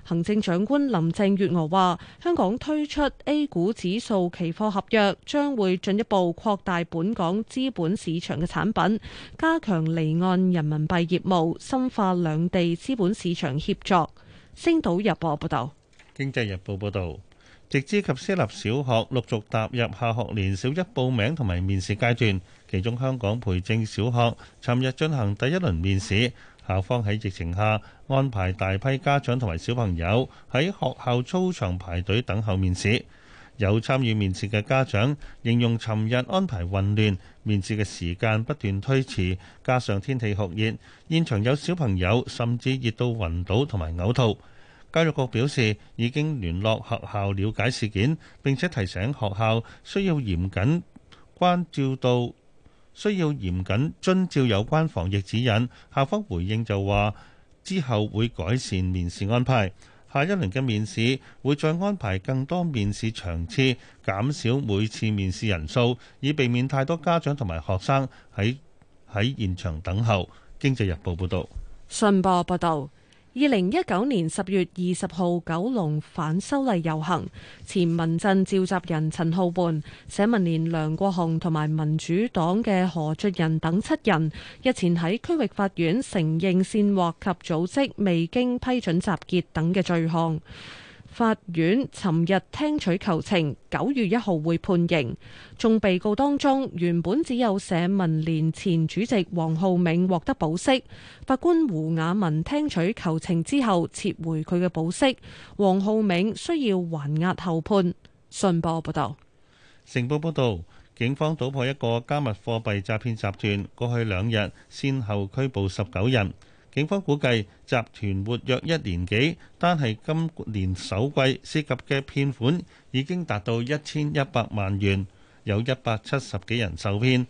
行政長官林鄭月娥話：香港推出 A 股指數期貨合約，將會進一步擴大本港資本市場嘅產品，加強離岸人民幣業務，深化兩地資本市場協作。星島日報報道：《經濟日報》報道，直資及私立小學陸續踏入下學年小一報名同埋面試階段，其中香港培正小學尋日進行第一輪面試。校方喺疫情下安排大批家長同埋小朋友喺學校操場排隊等候面試，有參與面試嘅家長形容尋日安排混亂，面試嘅時間不斷推遲，加上天氣酷熱，現場有小朋友甚至熱到暈倒同埋嘔吐。教育局表示已經聯絡學校了解事件，並且提醒學校需要嚴謹關照到。需要嚴謹遵照有關防疫指引。校方回應就話：之後會改善面試安排，下一年嘅面試會再安排更多面試場次，減少每次面試人數，以避免太多家長同埋學生喺喺現場等候。經濟日報報道。信報報道。二零一九年十月二十號，九龍反修例遊行前民陣召集人陳浩桓、社民連梁國雄同埋民主黨嘅何俊仁等七人，日前喺區域法院承認煽惑及組織未經批准集結等嘅罪行。法院尋日聽取求情，九月一號會判刑。眾被告當中，原本只有社民連前主席黃浩銘獲得保釋。法官胡雅文聽取求情之後，撤回佢嘅保釋，黃浩銘需要還押候判。信報報道：成報報導，警方倒破一個加密貨幣詐騙集團，過去兩日先後拘捕十九人。警方估計集團活躍一年幾，單係今年首季涉及嘅騙款已經達到一千一百萬元，有一百七十幾人受騙。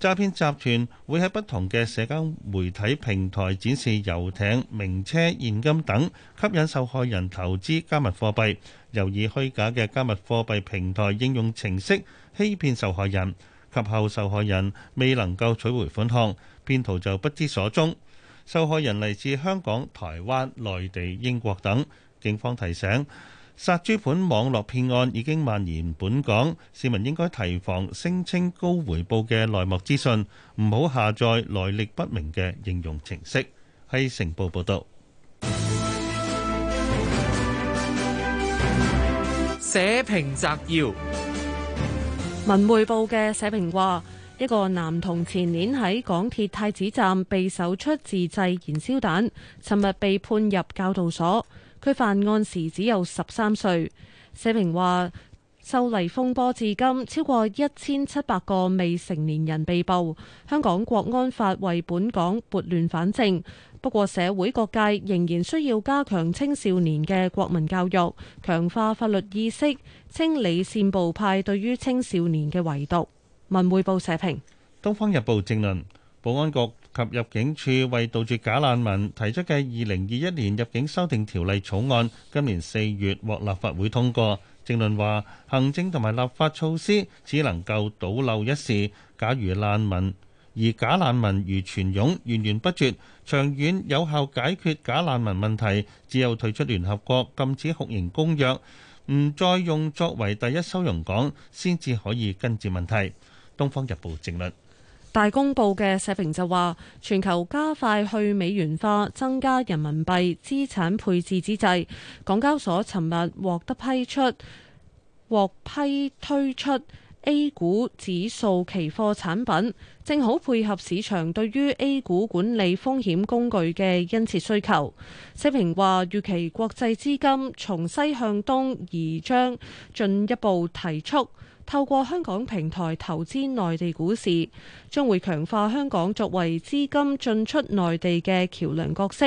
詐騙集團會喺不同嘅社交媒體平台展示遊艇、名車、現金等，吸引受害人投資加密貨幣，又以虛假嘅加密貨幣平台應用程式欺騙受害人，及後受害人未能夠取回款項，騙徒就不知所蹤。受害人嚟自香港、台灣、內地、英國等。警方提醒，殺豬盤網絡騙案已經蔓延本港，市民應該提防聲稱高回報嘅內幕資訊，唔好下載來歷不明嘅應用程式。喺《成報》報道，社評摘要，文匯報嘅社評話。一個男童前年喺港鐵太子站被搜出自製燃燒彈，尋日被判入教導所。佢犯案時只有十三歲。社評話：修例風波至今超過一千七百個未成年人被捕。香港國安法為本港撥亂反正，不過社會各界仍然需要加強青少年嘅國民教育，強化法律意識，清理煽暴派對於青少年嘅圍堵。文匯報社評，《東方日報》政論：保安局及入境處為杜絕假難民提出嘅《二零二一年入境修訂條例草案》，今年四月獲立法會通過。政論話，行政同埋立法措施只能夠堵漏一時。假如難民而假難民如泉湧，源源不絕，長遠有效解決假難民問題，只有退出聯合國禁止酷刑公約，唔再用作為第一收容港，先至可以根治問題。《東方日報政論》評論，大公報嘅社評就話，全球加快去美元化，增加人民幣資產配置之際，港交所尋日獲得批出獲批推出 A 股指數期貨產品，正好配合市場對於 A 股管理風險工具嘅殷切需求。社評話，預期國際資金從西向東移將，進一步提速。透過香港平台投資內地股市，將會強化香港作為資金進出內地嘅橋梁角色，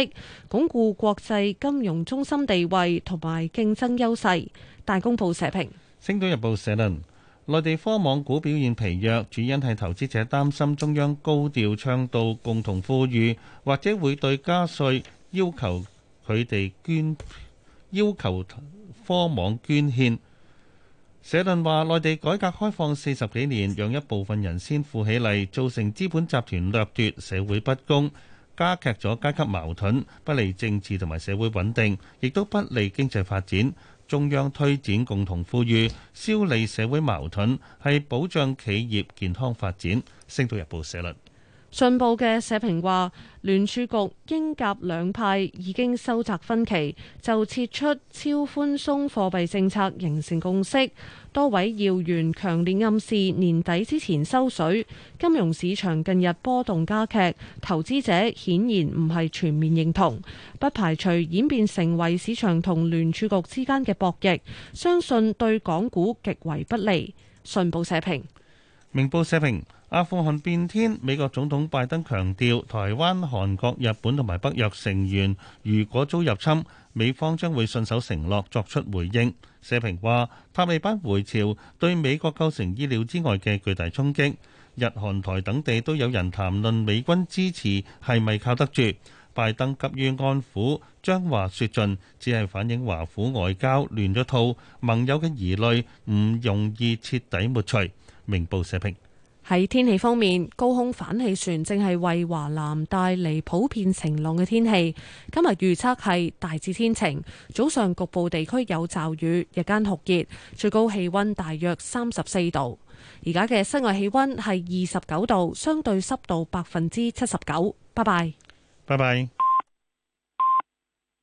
鞏固國際金融中心地位同埋競爭優勢。大公報社評。《星島日報》社論：內地科網股表現疲弱，主因係投資者擔心中央高調倡導共同富裕，或者會對加稅要求佢哋捐，要求科網捐獻。社論話：內地改革開放四十幾年，讓一部分人先富起嚟，造成資本集團掠奪、社會不公，加劇咗階級矛盾，不利政治同埋社會穩定，亦都不利經濟發展。中央推展共同富裕，消弭社會矛盾，係保障企業健康發展。星島日報社論。信報嘅社評話，聯儲局鷹鴿兩派已經收窄分歧，就撤出超寬鬆貨幣政策形成共識。多位要員強烈暗示年底之前收水，金融市場近日波動加劇，投資者顯然唔係全面認同，不排除演變成為市場同聯儲局之間嘅博弈，相信對港股極為不利。信報社評。明報社評。阿富汗變天，美國總統拜登強調，台灣、韓國、日本同埋北約成員，如果遭入侵，美方將會信守承諾作出回應。社評話：塔利班回朝對美國構成意料之外嘅巨大衝擊。日、韓、台等地都有人談論美軍支持係咪靠得住。拜登急於安撫，將話説盡，只係反映華府外交亂咗套，盟友嘅疑慮唔容易徹底抹除。明報社評。喺天氣方面，高空反氣旋正係為華南帶嚟普遍晴朗嘅天氣。今日預測係大致天晴，早上局部地區有驟雨，日間酷熱，最高氣溫大約三十四度。而家嘅室外氣溫係二十九度，相對濕度百分之七十九。拜拜，拜拜。